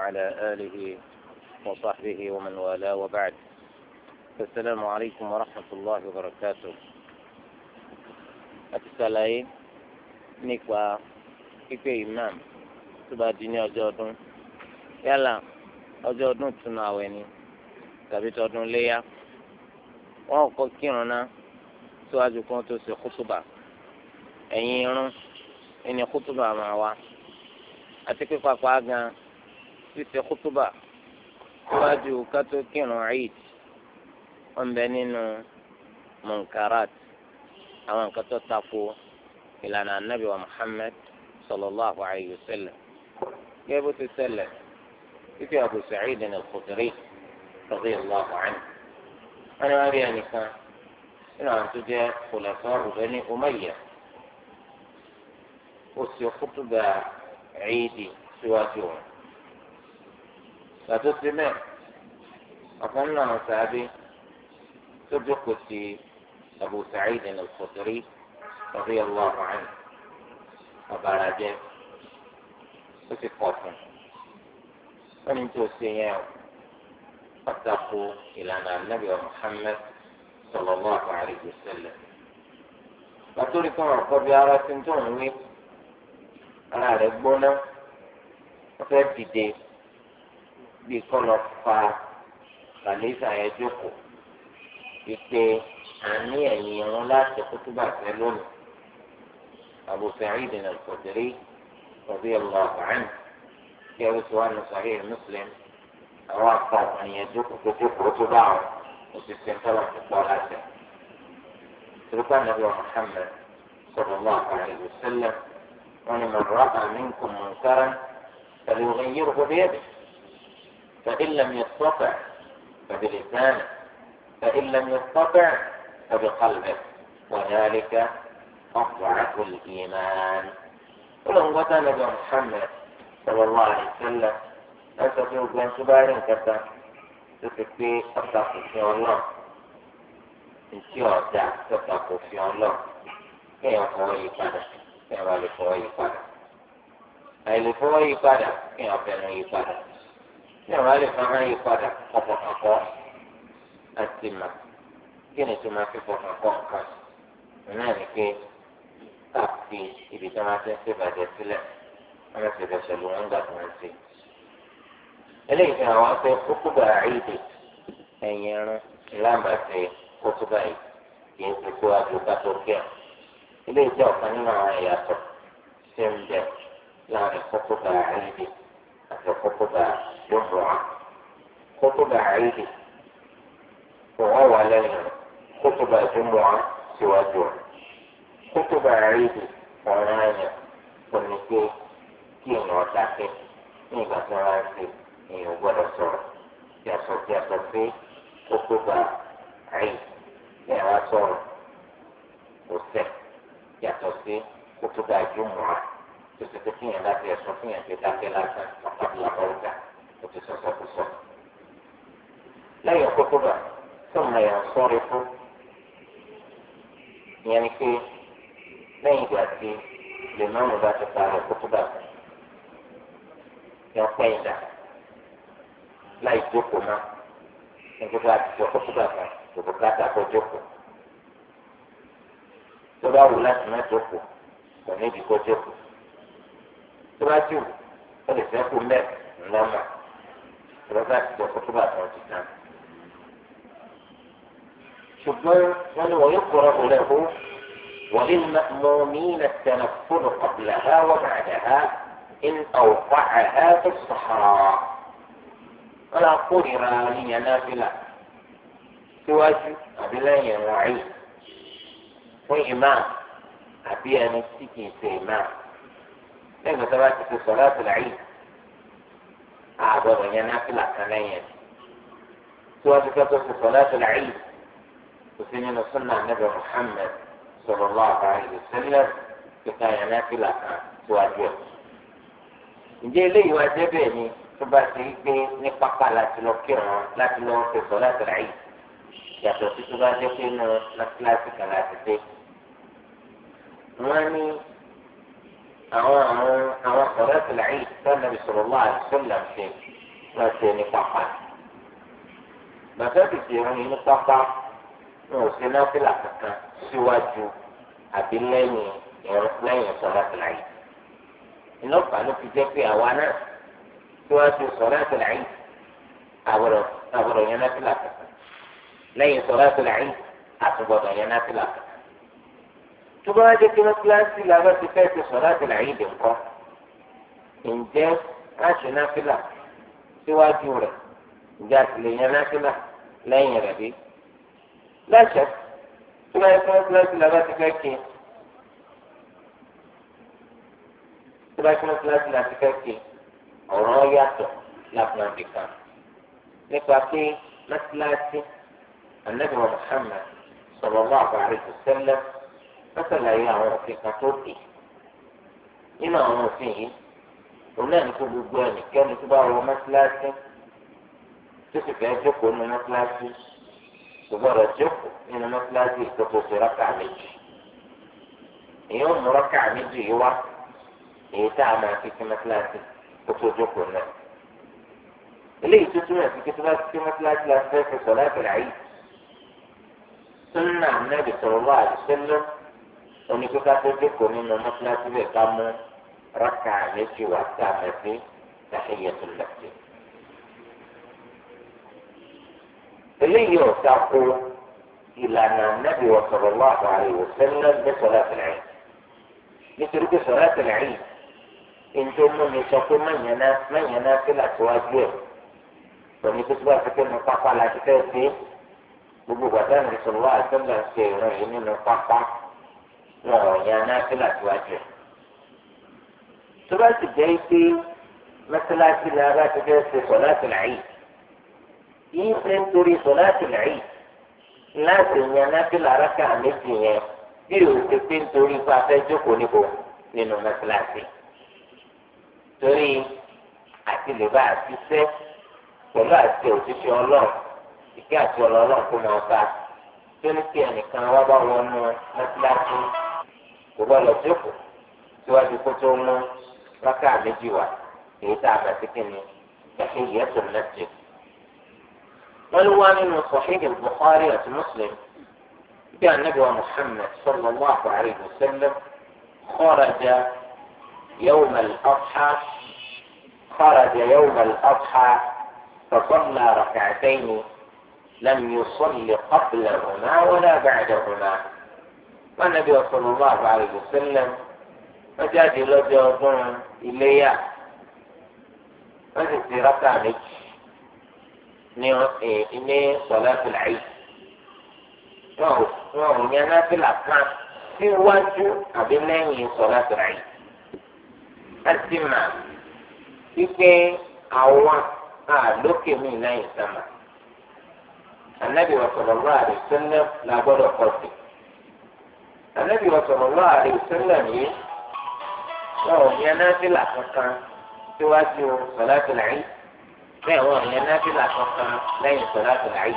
وعلى آله وصحبه ومن والاه وبعد السلام عليكم ورحمة الله وبركاته أتسالي نكوى كيف إمام تبا ديني أجودون يلا أجودون تناويني tàbí tọdún léyà wọn kọ kírun náà síwájú kan tó ṣe kútùbà ẹ̀yìn irun ẹni ṣíṣe kútúbà síwájú kátó kírun eid wọn bẹ nínú munkarat àwọn nǹkan tó tako ìlànà anabi wa muhammed sallallahu alayhi wa sallam gẹ́gẹ́ bó ti ṣẹlẹ̀ fífi abu sa'id ní al-khudri radiyallahu anhu wọn ni wọn rí ẹnìkan nínú àwọn tó jẹ́ kòlẹ́sán rúbẹ́ ní umayya ó sì kútúbà eid síwájú wọn. gbàtó ti bẹ́ẹ̀ ọ̀kan nínú àwọn sàábé tó jókòó sí Abu Sa'id al-Khudri radiyallahu anhu ọ̀bàrà jẹ́ ó ti pọ̀ fún un ó ní tó ṣe yẹn o ti po fun won ìlànà ànábì Muhammad sallallahu alayhi wa sallam gbàtó rí kọ́ ọ̀kọ́ bí ara ti ń tó ń wí ara rẹ̀ gbóná wọ́n fẹ́ dìde. bí kọ́ lọ fa kàlífà yẹn jókòó ìpè àní ẹ̀yìn ìrún láti kútúbà tẹ lónìí Abu Sa'id al-Khudri radiyallahu anhu kí ẹ̀rọ tí wà ní Sahih Muslim àwọn apá ìyẹn jókòó tó jókòó tó bá wọn òsì sẹ́ńtọ́lá tó pọ̀ láti. تلقى النبي محمد صلى الله عليه وسلم ومن رأى منكم منكرا فليغيره بيده فإن لم يستطع فبلسانه فإن لم يستطع فبقلبه وذلك أضعف الإيمان ولو قتل محمد صلى الله عليه وسلم أستطيع أن تبارك كذا تفكي أتاك في الله إن شاء الله تتاك في الله كي يفوه يقدر كي يفوه يقدر أي لفوه يقدر كي يفوه يقدر tí àwọn alẹ́ kan máa yí padà ọ̀pọ̀lọpọ̀ àti mà kí ni tó máa fi pọ̀pọ̀lọpọ̀ nǹkan náà ni pé káàkiri ibi tí wọ́n ti ń ṣèbàjẹ́ sílẹ̀ wọ́n ti bẹ̀ṣẹ̀ ló ń gbà tó ń ṣe. eléyìí ni àwọn afẹ́ kókóbà àìdè ẹ̀yìn ẹran lámàṣẹ kókóbà yìí kì í ti kó àdúgbò tó kí à. eléyìí jẹ́ ọ̀kan nínú àwọn ìyàtọ̀ tí ń bẹ láàrin kókóbà àìdè àti kókóbà àìdè. بسرعة خطبة عيد وهو عليها خطبة جمعة سواجها خطبة عيد وعناية والنسيء كين وتحكي nígbà tí wọn á ṣe èèyàn gbọ́dọ̀ sọ̀rọ̀ yàtọ̀ tí a sọ pé kókó bá àyè tí a wá sọ̀rọ̀ kò sẹ yàtọ̀ sí kókó bá tó ti pé kíyàn láti ẹ̀sùn kíyàn ti dákẹ́ lásán ọ̀pá ìlànà ọ̀gá ó ti sọ̀sọ̀ kó sọ. lẹ́yìn kókó bá sọ̀mọ yà ń sọ́rí fún ìyẹn ni pé lẹ́yìn ìgbà tí lè má mú bá ti parí kókó bá yọ pẹ́ ìdá láì jókòó má nígbà a ti sọ bá kan kókó ká dàgbọ́ jókòó tó bá wù láti má jókòó kò ní ìdíkọ́ jókòó tó bá jù ó lè fẹ́ kú mẹ́rin lọ́mọ. ويقرأ له وللمأمومين التنفل قبلها وبعدها إن أوقعها في الصحراء ولا قرر لي نافلة تواجه أبلاي وعي وإمام أبي أنسكي في إمام لأن ثلاثة صلاة العيد àgbọ̀dọ̀ yẹn náfìlà kan lẹ́yìn ẹ̀ tí wọ́n ti kẹ́kọ̀ọ́ fún sọ̀láṣẹ́ làáyì kò sí nínú súnà níbi Muhammad sallallahu alaihi wasallam kíkà yẹn náfìlà kan síwájú ẹ̀. ǹjẹ́ eléyìí wá jẹ́ bẹ́ẹ̀ ni tó bá ti ń gbé ní pápá láti lọ kírun láti lọ fún sọ̀láṣẹ́ làáyì yàtọ̀ sí tó bá jẹ́ pé nù láti láti kàn láti dé. wọ́n ní àwọn àwọn ọ̀rẹ́ tó láyé sọ́nà bisalòlá àdìsọ́nà ṣe wọ́n ṣe ní pápá. Bàtà ti ṣe irun ní pápá wọn ò ṣe náfìlà kankan síwájú àbí lẹ́yìn lẹ́yìn sọ́nà tó láyé. Ìlọ́pà ló fi jẹ́ pé àwa náà síwájú sọ́nà tó láyé àbọ̀rọ̀ àbọ̀rọ̀ yẹn náfìlà kankan. Lẹ́yìn sọ́nà tó láyé àtúbọ̀dọ̀ yẹn náfìlà kankan. tó bá jẹ́ pé mọ́tíláṣí la bá ti fẹ́ ti sọ láti là yìí dé nǹkan ǹjẹ́ láti náfìlà síwájú rẹ̀ ǹjẹ́ àtìlẹ́yìn náfìlà lẹ́yìn rẹ̀ bí. láṣẹ tó bá jẹ́ pé mọ́tíláṣí la bá ti fẹ́ kí tó bá jẹ́ pé mọ́tíláṣí la ti fẹ́ kí ọ̀rọ̀ yàtọ̀ lápá nìkan nípa pé mọ́tíláṣí anabi wa Muhammad sallallahu alaihi sẹlẹ. wọ́n ṣàlàyé àwọn òfin kan tó dé nínú àwọn òfin yìí òun náà ní kó gbogbo ẹnikẹ́ni tó bá wọ mọ́síláṣí tó sì fẹ́ jókòó nínú mọ́síláṣí kò gbọ́dọ̀ jókòó nínú mọ́síláṣí ìtòkòtò rákà méjì èyí ò mú rákà méjì yìí wá èyí tá a máa fi sí mọ́síláṣí kó tó jókòó náà eléyìí tó túmọ̀ sí pé tó bá sí mọ́síláṣí la fẹ́ fi sọ̀ láti rà yìí sunna sọ̀rọ̀ lọ́wọ́ tó oníkókó àtẹ́jọ́kọ̀ nínú mọ́sálásí rẹ̀ ká mú rákà méjì wá sí àmẹ́sí tahiyyatul masjid. eléyìí ọ̀sà kó ìlànà nábì Ànábì sallallahu alaihi wasallam ní salatul Eid nítorí pé salatul yìí ìjọ mú mi sọ pé mẹ́yẹ̀nà mẹ́yẹ̀nà wá síwájú ẹ̀ pẹ̀lú pé síwájú pé mo pápá la ti fẹ́ fi gbogbo gbàdánù sallallahu alaihi wasallam ṣe ìrìn nínú pápá. wọn ò yan náfìlà tó wá jẹ tó bá sì jẹ́ pé mẹ́sàlásì ni a bá ti fẹ́ ṣe sọ̀láàtì làyè yìí ṣe ń torí sọ̀láàtì làyè láti yan náfìlà rákà méjì yẹn bí o ṣe pé nítorí pé a fẹ́ jókòó níbo nínú mẹ́sàlásì torí àti lè bá a pẹ̀lú àti òṣìṣẹ́ ọlọ́run ìgbé àti ọlọ́run kó máa bá tó ní kí ẹnìkan wá bá wọnú mẹ́sàlásì. kò gbọ́dọ̀ jókòó síwájú kó tó mú rákà méjì wá èyí tá a bá ti kí ni kàkí yẹ tó lẹ́sẹ̀. wọ́n ló wá nínú Sahih Bukhari àti Muslim bí anábì wa muhammed sẹ́lẹ̀ Muhammad sallallahu alayhi wa sallam kharaja yawm al-adha kharaja lẹ́nu al-adha فصلى bìlẹ̀ لم wọ́n náà ولا بعدهما pànàbí ọ̀sọ̀lọ́wọ́ àbáyọ̀ sílẹ̀ wọ́n jáde lọ́jọ́ ọdún iléyà wọ́n sì ti rákà méjì ní ní sọ̀lẹ́tì láyé wọn ò wọn ò yan náfìlà kan síwájú àbí lẹ́yìn sọ̀lẹ́tì láyé láti mà wípé àwọn àlókè mi lẹ́yìn sàmà ànábì ọ̀sọ̀lọ́wọ́ àbí sílẹ̀ làgbọ́dọ̀ pọ̀ ànábì ọ̀sọ̀rọ̀ lọ́wọ́ àrè òsèlè yìí wọn ò yan náfìlà kankan síwájú sọ̀láàtì làyí bẹ́ẹ̀ wọn ò yan náfìlà kankan lẹ́yìn sọ̀láàtì làyí.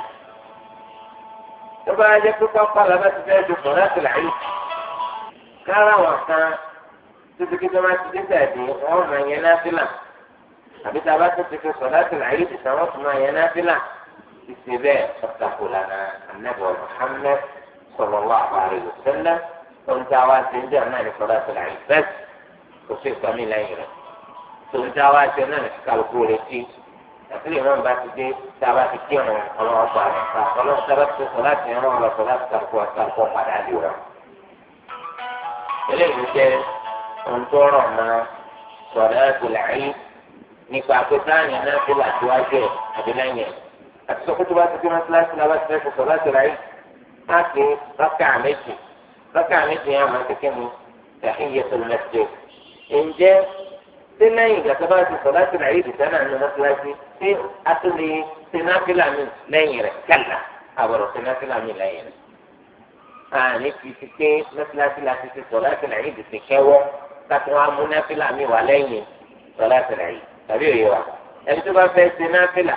tó bá jẹ́ pé pápá làbá ti fẹ́ ju sọ̀láàtì làyí kára wọn kan títí kí tọ́ba ti dídà dé wọn ò yan náfìlà àbí tá a bá tètè fi sọ̀láàtì làyí ti sàn wọ́n tún máa yan náfìlà ìsìn bẹ́ẹ̀ ọ̀tàkùlà náà ànábọ̀ Muhammad sọ̀rọ̀ wà àbárí òsèlè. ohun tí a wá ṣe ń jẹ́ náà ní sọ́dọ̀ àtọ̀lẹ̀ àyè bẹ́ẹ̀ kò sí nǹkan mi lẹ́yìn rẹ̀ tòun tí a wá ṣe náà ní kálukú rẹ̀ sí àti lè rán bá ti dé tá a bá ti kí ọ̀run ọlọ́wọ́ pa rẹ̀ ká ọlọ́wọ́ sábà ti sọ láti rán ọlọ́ sọ láti kálukú ọ̀sán àkọ́ padà lè rà. eléyìí jẹ́ ohun tó rọ̀ wájú ẹ̀ àbí lẹ́yìn àti sọ́kútù bá ti dé mọ́tíláṣí náà bá ti fẹ́ sọ̀rọ̀ láti rà láti rákà méjì ركع القيام هذا كم تحية المسجد إن جاء تنين كتبات صلاة العيد سنة أنه مثلا في أصل تناكل من نيرة كلا أبرو تناكل من نيرة يعني في سكين مثلا في صلاة العيد سكوة تقوى منافل من ولين صلاة العيد طبيعي أيوة. يعني واحد أنت بقى في تناكل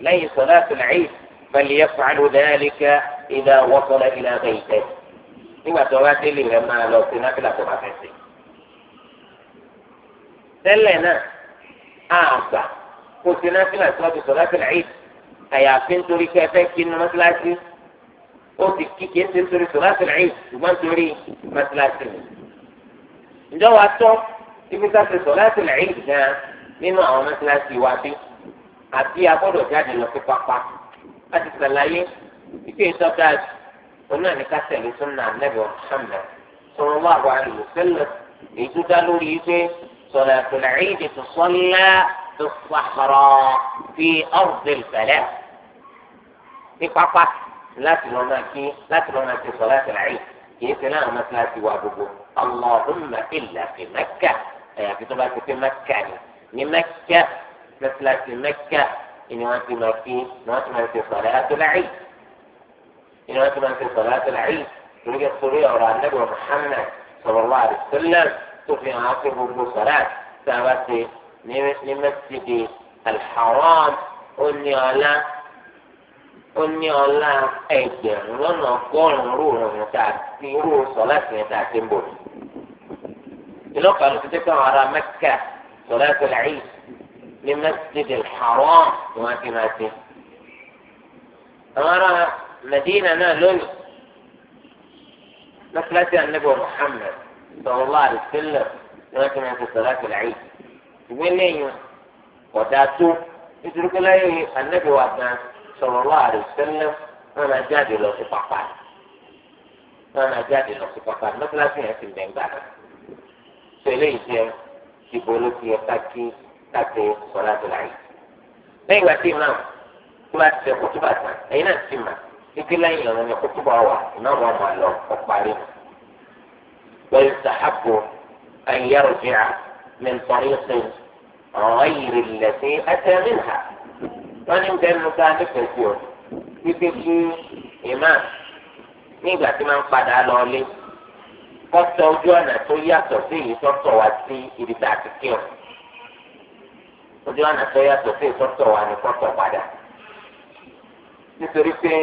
لي صلاة العيد فليفعل ذلك إذا وصل إلى بيته nígbà tó bá délé rẹ máa lọ sí náfìlà tó bá fẹ́ sí. tẹ́lẹ̀ náà àgbà kò sí náfìlà tó bá ti sọ náfìlà yìí àyàfi nítorí pé ẹ fẹ́ kí inú mọ́tíláṣí ó ti kí kí ẹsẹ̀ nítorí sọ náfìlà yìí ṣùgbọ́n nítorí mọ́tíláṣí ni. ǹjọ́ wa tọ́ ibi tá a ti sọ náfìlà yìí gan nínú àwọn mọ́tíláṣí wa bí àti agbọ́dọ̀ jáde lọ sí pápá láti sàlàyé ìpè ìtọ́jú قلنا نكتب سنة النبي محمد صلى الله عليه وسلم يتدل ليته إيه؟ صلاة العيد تصلى في الصحراء في أرض الفلاح فقط لا تلونك لا تلونك صلاة العيد يتنا مثلا وابوبو اللهم إلا في مكة أي في طبعا في مكة من مكة مثلا في مكة إن وانت ما في ما في صلاة العيد إنما كمان صلاة العيد يريد الصغير على النبي محمد صلى الله عليه وسلم تفي عاقبه صلاة ثابت لمسجد الحرام أني على أني على أيدي لن أقول روح نتعتي روح صلاة نتعتي بوش إلو قالوا تتكلم على مكة صلاة العيد لمسجد الحرام وما في ما أنا Medina náà lónìí mọ́sálásí ànábọ̀ Muhammad sallallahu alaihi wasallam ni wọ́n ti máa ń sọ̀rọ̀ láti láyé ìwé lẹ́yìn ọ̀dà tó nítorí pé láyé ànábọ̀ wà gan sallallahu alaihi wasallam wọ́n máa jáde lọ sí pápá wọ́n máa jáde lọ sí pápá mọ́sálásí yẹn ti gbẹ̀ngbà sọ eléyìí jẹ́ ìbò ló fi ẹ̀ka kí káàkiri sọ̀rọ̀ láti láyé lẹ́yìn ìgbà tí ìmọ̀ tó bá ti sẹ́kù tó bá tán ẹ̀yin náà ti mọ̀ ike lẹ́yìn lọ́nà ni kókó bá wà náà wọ́n máa lọ ọ̀parí. bẹ́ẹ̀ sàhábù ayélujára fi hàn ní nítorí ṣe àwọn ayèrè lẹ́sìn ẹ̀tẹ́rì hà. wọ́n ní bẹ́ẹ̀ nu ká nífẹ̀ẹ́ sí o wípé kí imam nígbà tí máa ń padà lọ lé kọ́tọ̀ ojú ọ̀nà tó yàtọ̀ sí èyí tó wá sí ibi tá a ojú ọ̀nà tó yàtọ̀ sí èyí tó wá ní kọ́tọ̀ padà. nítorí pé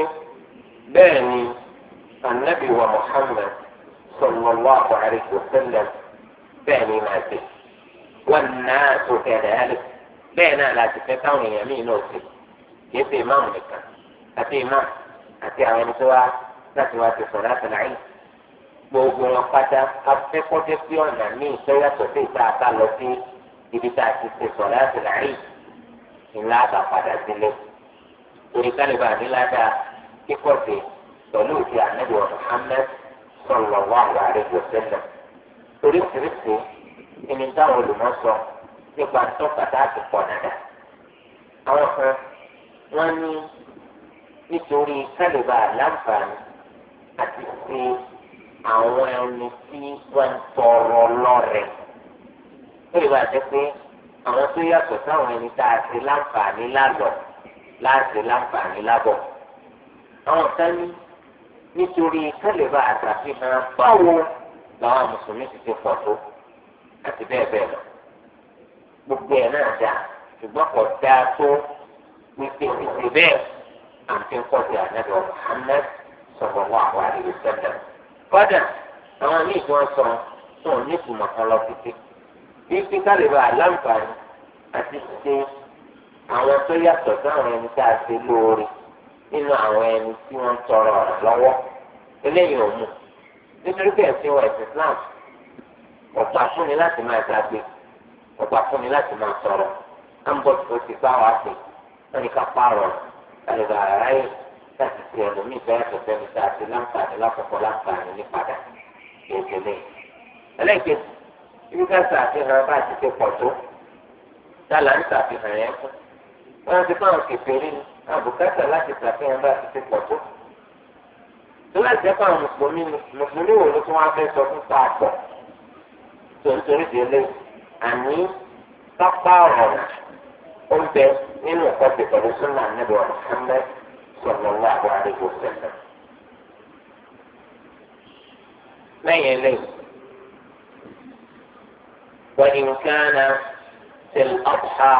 bẹ́ẹ̀ ni anabi wa muhammad sallallahu alayhi wa sallam bẹ́ẹ̀ ni máa ṣe wọn náà tó kẹlẹ alẹ bẹ́ẹ̀ náà láti fẹ́ káwọn èèyàn míì náà ṣe kì í ṣe imáàmù nìkan àti imáàmù àti àwọn ẹni tó wá láti wá ti sọ̀rọ̀ àti láyé gbogbo wọn pátá afẹ́kọ́jẹ́ pé ọ̀nà míì fẹ́ sí ìta àbá lọ sí ibi tá a ti ṣe sọ̀rọ̀ àti ńlá àbá padà sílé orí ní ládàá kíkọ́ sí pẹ̀lú òfin ànábì Muhammad sallallahu alaihi wasallam oríṣiríṣi ìní táwọn olùmọ̀ sọ nípa tó pàtàkì pọ̀ dada àwọn kan wọ́n ní nítorí kálíbà láǹfààní àti ṣe àwọn ẹni tí wọ́n ń tọrọ lọ́rẹ̀ kálíbà jẹ́ pé àwọn tó yàtọ̀ sáwọn ẹni tá a ṣe láǹfààní lálọ́ láti láǹfààní lábọ̀ àwọn kan ní nítorí kálíbà àtàfihàn báwo làwọn mùsùlùmí ti ti pọ̀ tó àti bẹ́ẹ̀ bẹ́ẹ̀ lọ gbogbo ẹ̀ náà dáa ṣùgbọ́n kò dáa tó wípé títí bẹ́ẹ̀ àti nkọ́sí ànábẹ́ Muhammad sọ̀rọ̀ wà wà lè sẹ́dá. kọ́dà àwọn míì tí wọ́n sọ tó ní ìtumọ̀ kan lọ títí bí píkàlẹ́bà aláǹfààní àti ṣe àwọn tó yàtọ̀ sáwọn ẹni tá a ṣe lóore nínú àwọn ẹni tí wọ́n ń tọrọ ọ̀rọ̀ lọ́wọ́ eléyìí ò mú nítorí pé ẹ̀sìn wọn ẹ̀sìn Islam ọ̀pá fúnni láti máa dàgbé ọ̀pá fúnni láti máa tọrọ ambọ̀tò ti bá wa pè wọ́n ní ká pààrọ̀ àlùbà aráyè láti fi ẹlòmíì bẹ́ẹ̀ tọ̀tẹ́ mi ta àti láǹfààní lákòókò láǹfààní ní padà ìdílé. ẹlẹ́gbẹ̀ẹ́ ibi ká ṣàfihàn bá ti ṣe pọ̀ tó dá ń ṣàfihàn yẹn fún wọ́n ti fáwọn kékeré ni àbùkátà láti ṣàfihàn bá ti ti pọ̀ tó. tó láti jẹ́ pé àwọn mùsùlùmí mùsùlùmí wò ló tún wá fẹ́ sọ fún pààtọ̀ tó ń torí di ilé àní pápá ọ̀rọ̀ ó nínú ẹ̀kọ́ ti pẹ̀lú súnà níbo Muhammad sallallahu alaihi wasallam. lẹ́yìn eléyìí wọ́n ní nǹkan náà ṣe lọ́pàá.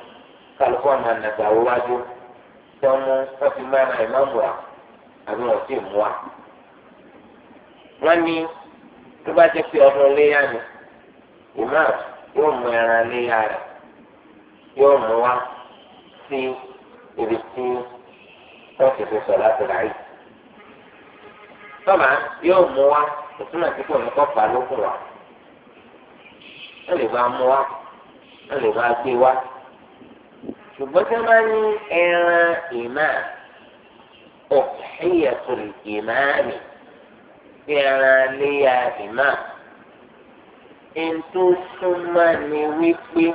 kálukú ọmọ ànàgbà wájú tọ́mú wọ́n fi máa ra ìmáàmù àbí wọ́n sì mú wa. wọ́n ní tó bá jẹ́ pé ọdún léyà ni ìmáàmù yóò mú ẹran léyà rẹ̀ yóò mú wa sí ibi tí wọ́n ti fi láti ráyè. yóò mú wa òtún ṣùgbọ́n tí wọ́n bá ní ẹran ìmáà ọ̀hìyẹ̀tùn ìmáàmì bí ẹran léya ìmáà ètò súnmọ́ ni wípé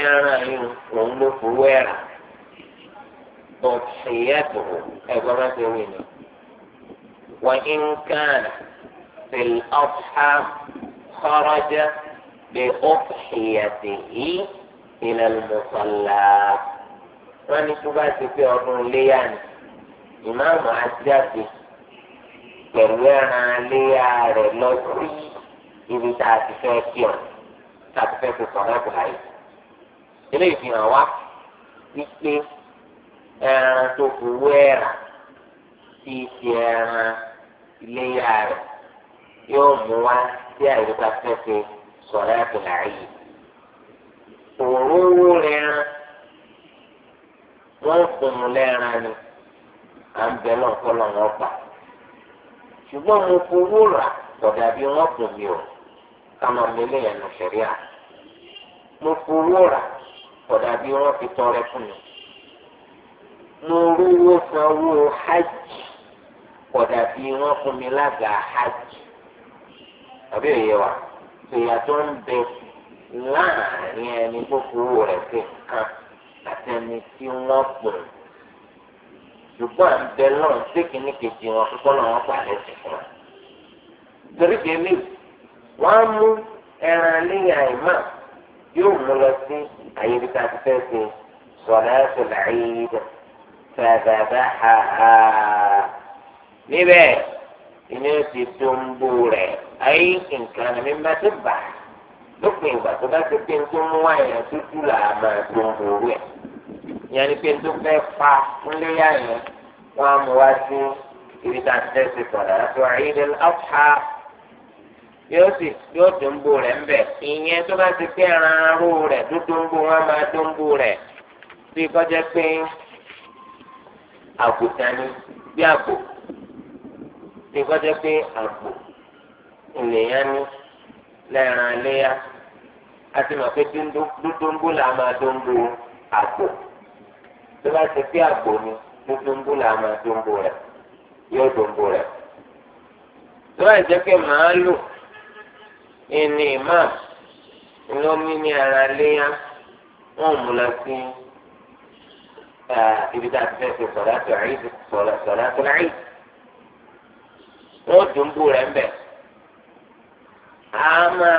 ẹran yìí òun ló fowó ẹ̀rà ọ̀hìyẹ̀tùn ẹ̀gbọ́n bá ti wí ni wọ́n ń kàn fi ọ̀pá kọ́rọ́jà bí ọ̀hìyẹ̀tùn yìí. ilẹ̀ lùmọ̀sálà wọ́n ní tó bá ti pé ọdún léyà ni ìmáàmù ajáde pẹ̀lú ẹran léyà rẹ̀ lọ sí ibi tá a ti fẹ́ kí ọ tá a ti fẹ́ fi sọ̀rọ̀ ẹ̀kọ́ láyé eléyìí fi wípé ẹran tó fi wú tí í ṣe ẹran léyà rẹ̀ yóò mú wá sí àyíká fẹ́ fi sọ̀rọ̀ ẹ̀kọ́ mu lẹ́ran ni à ń bẹ náà kọ́ lọ́wọ́ pa ṣùgbọ́n mo fowó rà kọ̀dà bí wọ́n kùn mí o kàmá mi léyìn nù sẹ̀ríà mo fowó rà kọ̀dà bí wọ́n fi tọrẹ fún mi mo rówó sanwó hajj kọ̀dà bí wọ́n fún mi lága hajj àbí òye wa ìyàtọ̀ ń bẹ láàrin ẹni tó fowó rẹ̀ sí kan àti tí wọ́n pè é ṣùgbọ́n à ń bẹ náà ṣé kìíní kejì wọn kókó náà wọ́n pàdé sí fún wa. torí kèémì wọ́n á mú ẹran léyìn àìmọ́ yóò mú lọ sí àyèbíta ti fẹ́ ṣe sọ̀rọ̀ ẹ̀sùn làyèdè fẹ̀fẹ̀fẹ̀ ha ha. níbẹ̀ ìní ó ti dóńbó rẹ̀ ayé nǹkan mi má ti bà lópin ìgbà tó bá ti pé tó mú wáyà tútù là á máa dóńbó rẹ̀ ìyẹn ni pé tó fẹ́ pa ńléyà yẹn wọ́n á mú wá sí ibi tá a ti tẹ́sí sọ̀rọ̀ àti Eid al-Adha yóò sì yóò dòńbò rẹ̀ ń bẹ̀ ìyẹn tó bá ti pé ẹran aró rẹ̀ tó dòńbò wọn máa dòńbò rẹ̀ bí kọjá pé àgùntàn bí àgbò bí kọjá pé àgbò ènìyàn ni lẹ́ẹ̀ràn léyà àti màpé dúdú bò là máa dòńbò àgbò tó bá ti pé àgbò ni tó dóńbó là máa dóńbó rẹ̀ yóò dóńbó rẹ̀. tó bá jẹ́ pé màálù ìní imam ló ní ní ara léyà wọ́n mú lọ sí ibi tá a ti fẹ́ ṣe sọ̀rọ̀ àti àìsí sọ̀rọ̀ sọ̀rọ̀ àti àìsí wọ́n dùn bú rẹ̀ ń bẹ̀. àmà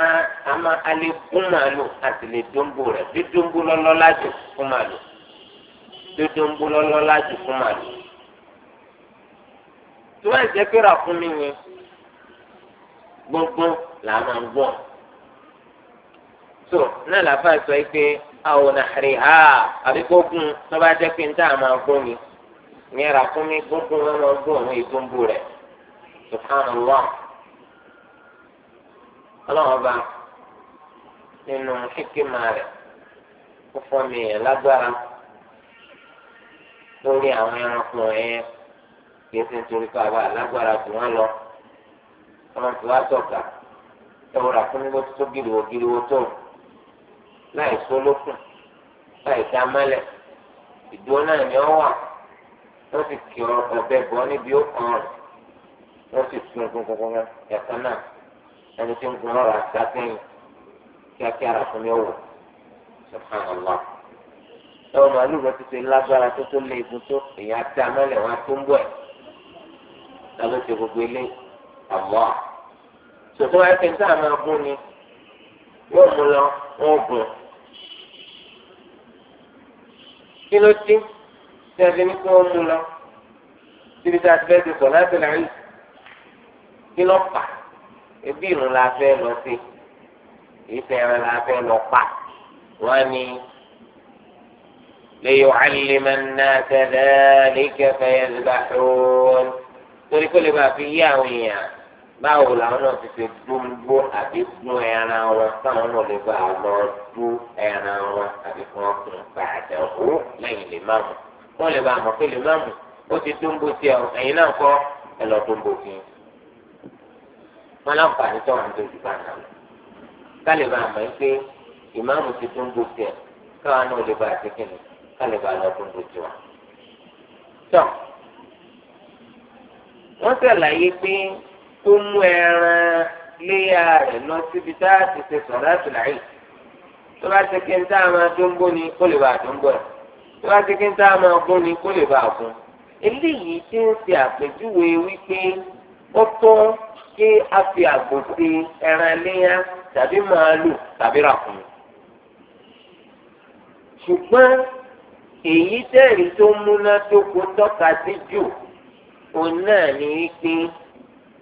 àmà alẹ́ kún màálù àti lè dùn bú rẹ̀ bí dùn bú lọ́lọ́ lájò fún màálù dodo ń bó lọ́lọ́ láti fún màlú. tí wọ́n jẹ́ pé rà fún mi ni gbọ́ngbọ́n là máa ń gbọ́n. tó náà làbá sọ pé àwọn àrí ha àbí gbọ́ngbọ́n tó bá jẹ́ pé ń tà máa gbọ́n mi ní rà mi gbọ́ngbọ́n wọn máa gbọ́n òun ìgbọ́ngbò rẹ̀ subhanallah ọlọ́run ọba nínú kíkí máa rẹ̀ ó fọ́ mi yẹn lágbára lórí àwọn ẹranko yẹn kìí ṣe nítorí pé àwa alágbára jù wọn lọ wọn ti wá sọ̀tà ẹwúrà fún níbo tó giriwo giriwo tó láì sólókùn láì dá mọ́lẹ̀ ìdúró náà ni ó wà wọ́n sì kí ọ̀bẹ bọ́ níbi ó kàn án wọ́n sì sun gbọngbọngbọn ẹ̀ka náà ẹni tí ń gun ọ̀rọ̀ àti sákẹ́yìn kíákíá ara fún mi ó wò subhanallah ẹwọ màálù rẹ ti ṣe lágbára tó tó lé egun tó èèyàn ata mẹlẹ wọn tó ń bọ ẹ lọlọ ṣe gbogbo ilé àwọ ṣòtò ẹkẹ tí a máa gún ni yóò mú lọ wọn gùn kí ló dé tí a ní kí wọn mú lọ síbi tí a ti fẹ́ ti sọ láti rà yìí kí ló pa ebi ìrùn la fẹ́ lọ sí ìfẹ́ ẹran la fẹ́ lọ pa wọ́n ní. ليعلم الناس ذلك فيذبحون torí kó lè máa fi yí àwọn èèyàn báwo làwọn náà ti fi dúnbó àbí dún ẹran wọn táwọn náà lè bá lọ dún ẹran wọn àbí kí wọn kún bàjẹ́ òkú lẹ́yìn lè má mú wọn lè bá mọ̀ pé lè má mú ó ti dúnbó sí ọ ẹ̀yin náà kọ́ ẹ lọ dúnbó fi wọn láǹfààní tó wà ń dojú bá náà lọ ká lè máa mọ̀ pé ìmáàmù ti dúnbó sí ẹ káwọn náà lè bá àti kìnnìkan kálí bá lọ fún gbogbo wa. tọ́ wọ́n ṣàlàyé pé tó mú ẹran léyà rẹ̀ lọ síbi tá a ti ṣe sọ̀rọ̀ àtúnláyè tó bá ti kí n tá a máa dóńgbó ni kó lè bá a dóńgbó rẹ̀ tó bá ti kí n tá a máa gún ni kó lè bá a gún. eléyìí ti ń ṣe àpèjúwe wípé ó tó kí a fi àgbò sí ẹran léyà tàbí màálù tàbí ràkùnmí. ṣùgbọ́n èyí tẹ̀rí tó múnádóko tọ́ka sí jù òun náà ní pé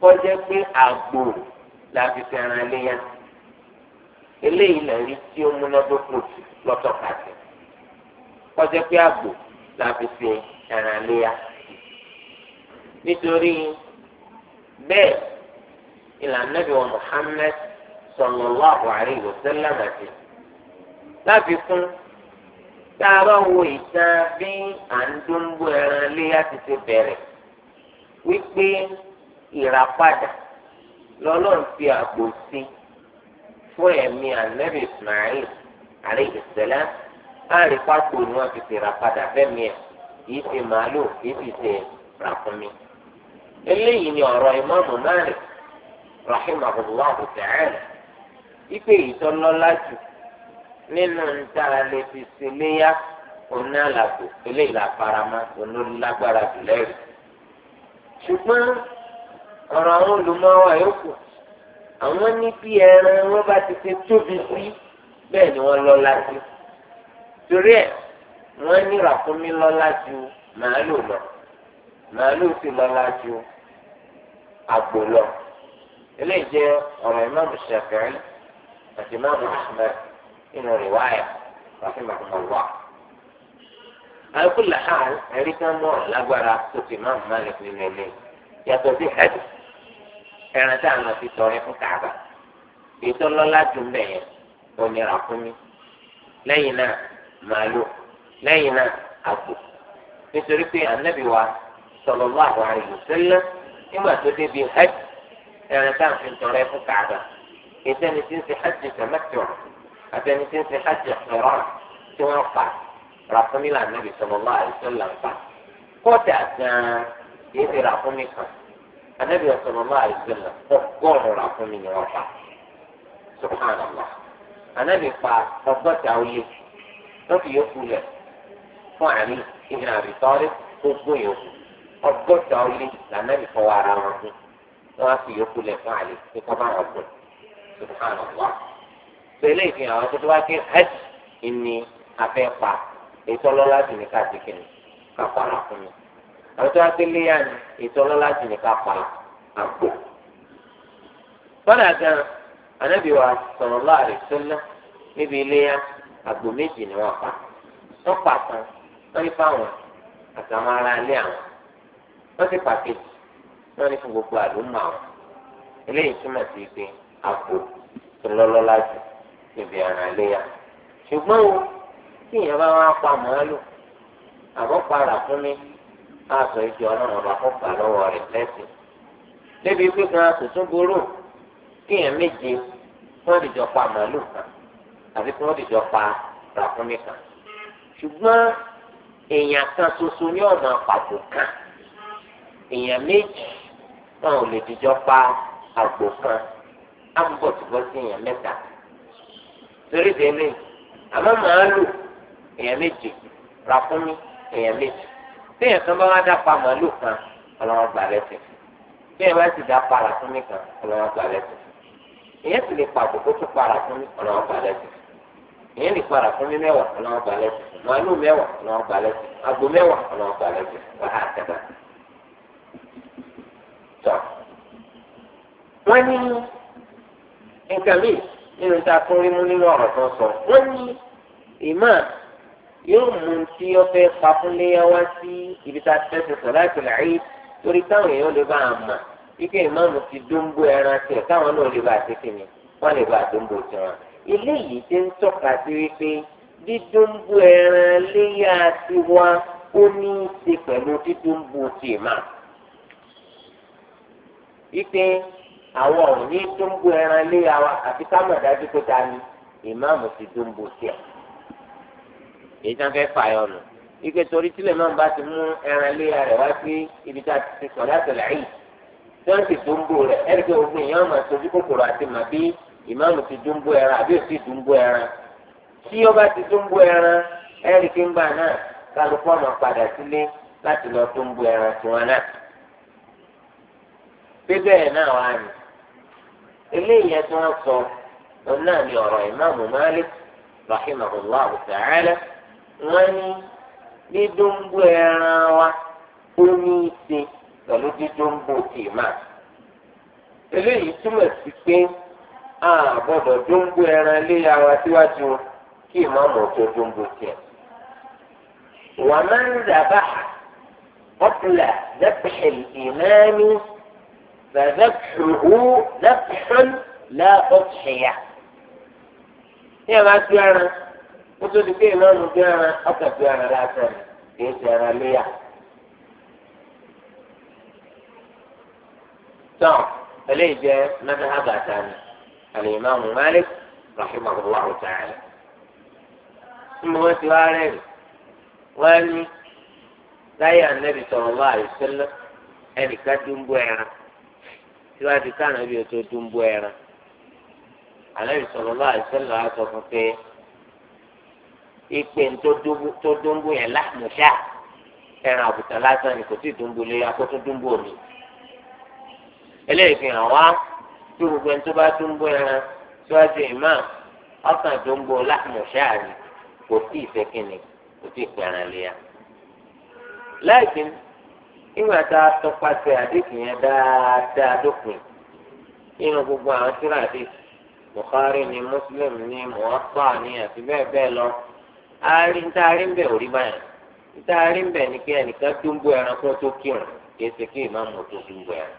kọjá pé àgbò la fi fẹ́ràn léyà eléyìí lẹ́rí tí ó múnádóko lọ́tọ̀ka sí kọjá pé àgbò la fi fi ẹran léyà nítorí bẹ́ẹ̀ ìlànà bí wọn láfikún. tá a bá wo ìtàn bí à ń dúnbò ẹran lé láti ṣe bẹ̀rẹ̀ wípé ìràpadà lọ́lọ́run fi àgbò sí fún ẹ̀mí ànẹ́bí Ismail alayhi salam láàrin pápó ni wọ́n fi ti ràpadà fẹ́mi ẹ̀ kìí ṣe màálù kìí fi ṣe ràkúnmí. eléyìí ni ọ̀rọ̀ ìmáàmù Malik rahimahullahu ta'ala ipe ìtọ́lọ́lá jù nínú níta lè fi ṣèléyà oní àlàbò eléyìí la farama olólágbára jùlọ rẹ ṣùgbọ́n ọ̀rọ̀ àwọn olùmọwà yòókù àwọn ní bí ẹran wọn bá ti ṣe tóbi sí bẹ́ẹ̀ ni wọ́n lọ́lá sí torí ẹ̀ wọ́n ní ràkúnmí lọ́lá ju màálù lọ màálù sì lọ́lá ju àgbò lọ eléyìí jẹ́ ọ̀rọ̀ ìmáàmù Ṣàfi'í àti ìmáàmù Ahmad inú rìwáyà rahimahullah. àìkúlẹ̀ hàn ẹ̀rí kan mọ̀ lágbára tó ti máa máa lè nínú ilé yàtọ̀ sí hajj ẹran tá a lọ fi tọrẹ fún kàbà ètò ọlọ́lá jù ń bẹ̀ yẹn òní ràkúnmí lẹ́yìn náà màálù lẹ́yìn náà àgbò nítorí pé ànábì wa sallallahu alaihi wasallam nígbà tó débi hajj ẹran tá a fi tọrẹ fún kàbà ètò ẹni tí ń ṣe hajj tẹ̀mẹ́tọ̀ àtẹni tí ń fi hajj ẹ̀rọ̀n tí wọ́n fà ràfúnmi là nàbì sọlọ́lá àìsọ́lá ń fà kọ́tà gan-an kì í fi ràfúnmi kan ànàbì sọlọ́lá àìsọ́lá ọgọ́rùn-ún ràfúnmi ni wọ́n fà subhanallah ànàbì pa ọgọ́ta oyè lọ́kì yókù rẹ̀ fún àmì ìhìn àbítọ́rí gbogbo yòókù ọgọ́ta oyè lànàbì fọwọ́ ara wọn fún wọ́n á fi yòókù rẹ̀ fún àlè kíkọ́ bá wọn gbọ́ subhanallah. tẹ̀lé ìfihàn àwọn tó tó wá kí hajj ìní afẹ́ pa ìtọ́lọ́lá sì ní ká ti kìnnì ká para fún mi àwọn tó wá kí léyà ní ìtọ́lọ́lá sì ní ká para àpò. fọ́nà gan anábì wa sọ̀rọ̀ láàrin sọ́nà níbi léyà àgbò méjì ni wọ́n pa wọ́n pa kan wọ́n ní fáwọn àtàwọn ará ilé àwọn wọ́n ti pàkejì wọ́n ní fún gbogbo àdúmọ̀ àwọn eléyìí túmọ̀ sí pé àpò tó lọ́lọ́lá jù níbi ara léyà ṣùgbọ́n o tí ìyẹn bá wá pa màálù àmọ́ para fún mi á sọ ìjọ ọlọ́run ọba kó gbà lọ́wọ́ rẹ̀ lẹ́sìn débi pípa tuntun burú kí èèyàn méje wọ́n dìjọ pa màálù kan àti kí wọ́n dìjọ pa ràkúnmí kan ṣùgbọ́n èèyàn kan ṣoṣo ní ọ̀nà pàtó kan èèyàn méjì náà ò lè dìjọ pa àgbò kan á ń èèyàn mẹ́ta kan torí délé àmọ́ màálù èèyàn méje ràkúnmí èèyàn méje téèyàn kan bá wá dápa màálù kan ọlọ́wọ́ gbà lẹ́sẹ̀ téèyàn bá sì dápa ràkúnmí kan ọlọ́wọ́ gbà lẹ́sẹ̀ èèyàn sì lè pa àkókò tó pa ràkúnmí ọlọ́wọ́ gbà lẹ́sẹ̀ èèyàn lè pa ràkúnmí mẹ́wàá ọlọ́wọ́ gbà lẹ́sẹ̀ màálù mẹ́wàá ọlọ́wọ́ gbà lẹ́sẹ̀ àgbò mẹ́wàá ọlọ́wọ́ gbà lẹ́sẹ̀ wàhálà kẹta. wọ́n ní nǹkan mìíràn nínú tá a tún rí mú nínú ọ̀rọ̀ tó sọ wọ́n ní ìmọ̀ yóò mú tí ó fẹ́ pa fún léyà wá sí ibi tá a fẹ́ ti sọ láti rà yìí torí táwọn èèyàn lè bá a mọ̀ wípé ìmọ̀ọ́mù ti dóńgbò ẹran tiẹ̀ káwọn náà lè bá a tètè mi wọ́n lè bá a dóńgbò tiwọn. eléyìí ti ń tọ́ka sí wípé dídóńgbò ẹran léyà tiwa ó ní í ṣe pẹ̀lú dídóńgbò tìmá àwọn ò ní dúnbù ẹran lé wa àti kámọ̀ dájú pé ta ni ìmáàmù ti dúnbù tiẹ̀. èyí tí wọ́n fẹ́ fà yọ nù. ike torí tílẹ̀ máa ń bá ti mú ẹran lé rẹ̀ wá sí ibi tá a ti sọ̀ láti làyè tí wọ́n ti dúnbù rẹ̀ ẹ̀rí pé ogun ìyá máa sojú kòkòrò àti mà bí ìmáàmù ti dúnbù ẹran àbí ò ti dúnbù ẹran. tí ó bá ti dúnbù ẹran ẹ̀rí ń gbà náà kálukú ọ̀nà padà sílé láti lọ dúnbù ẹran tiwọn náà. bíbẹ̀ náà wà ní eléyìí ẹ tí wọ́n sọ òun náà ni ọ̀rọ̀ ìmáàmù Malik rahimahullah ta'ala wọ́n ní dídóńgbò ẹran wa ó ní í ṣe pẹ̀lú dídóńgbò tìmá eléyìí túmọ̀ sí pé a gbọ́dọ̀ dóńgbò ẹran léyà wa síwájú kí ìmáàmù tó dóńgbò tiẹ̀ wàmánzàbà ọ̀pùlà lẹ́pẹ̀lì ìmáàmù. فذبحه ذبح لا تضحية هي ما تبيعنا وتو تبيع لون سيانا حتى سيانا لا تبيعنا إيش أنا ليا طيب فليه جاء هذا ثاني الإمام مالك رحمه الله تعالى ثم هو سؤال وأني لا يعني النبي صلى الله عليه وسلم أني كاتب بوعنا síwájú káàná bí o tó dúnbó ẹran àlẹ́ ìsọ̀rọ̀ lọ́wọ́ àìsọ́lọ́ àtọ̀ fún pé ìpè tó dúnbó yẹn láàmúṣá ẹran àbùtà lásán ni kò tí ì dúnbó lé akótó dúnbó mi eléyìí fi hàn wá tí gbogbo ẹni tó bá dúnbó ẹran síwájú ni kò tí ì fẹ́ kínni kò ìgbà tá a tọpasẹ̀ àdéhùn yẹn dáadáa dópin nínú gbogbo àwọn tíra àdé Bukhari ni Muslim ni Muwatta ni àti bẹ́ẹ̀ bẹ́ẹ̀ lọ a rí ń taari ń bẹ̀ òrí báyìí ń taari ń bẹ̀ ni kí ẹnìkan dúnbò ẹranko tó kírun kìí ṣe kí ìmáàmù tó dúnbò ẹran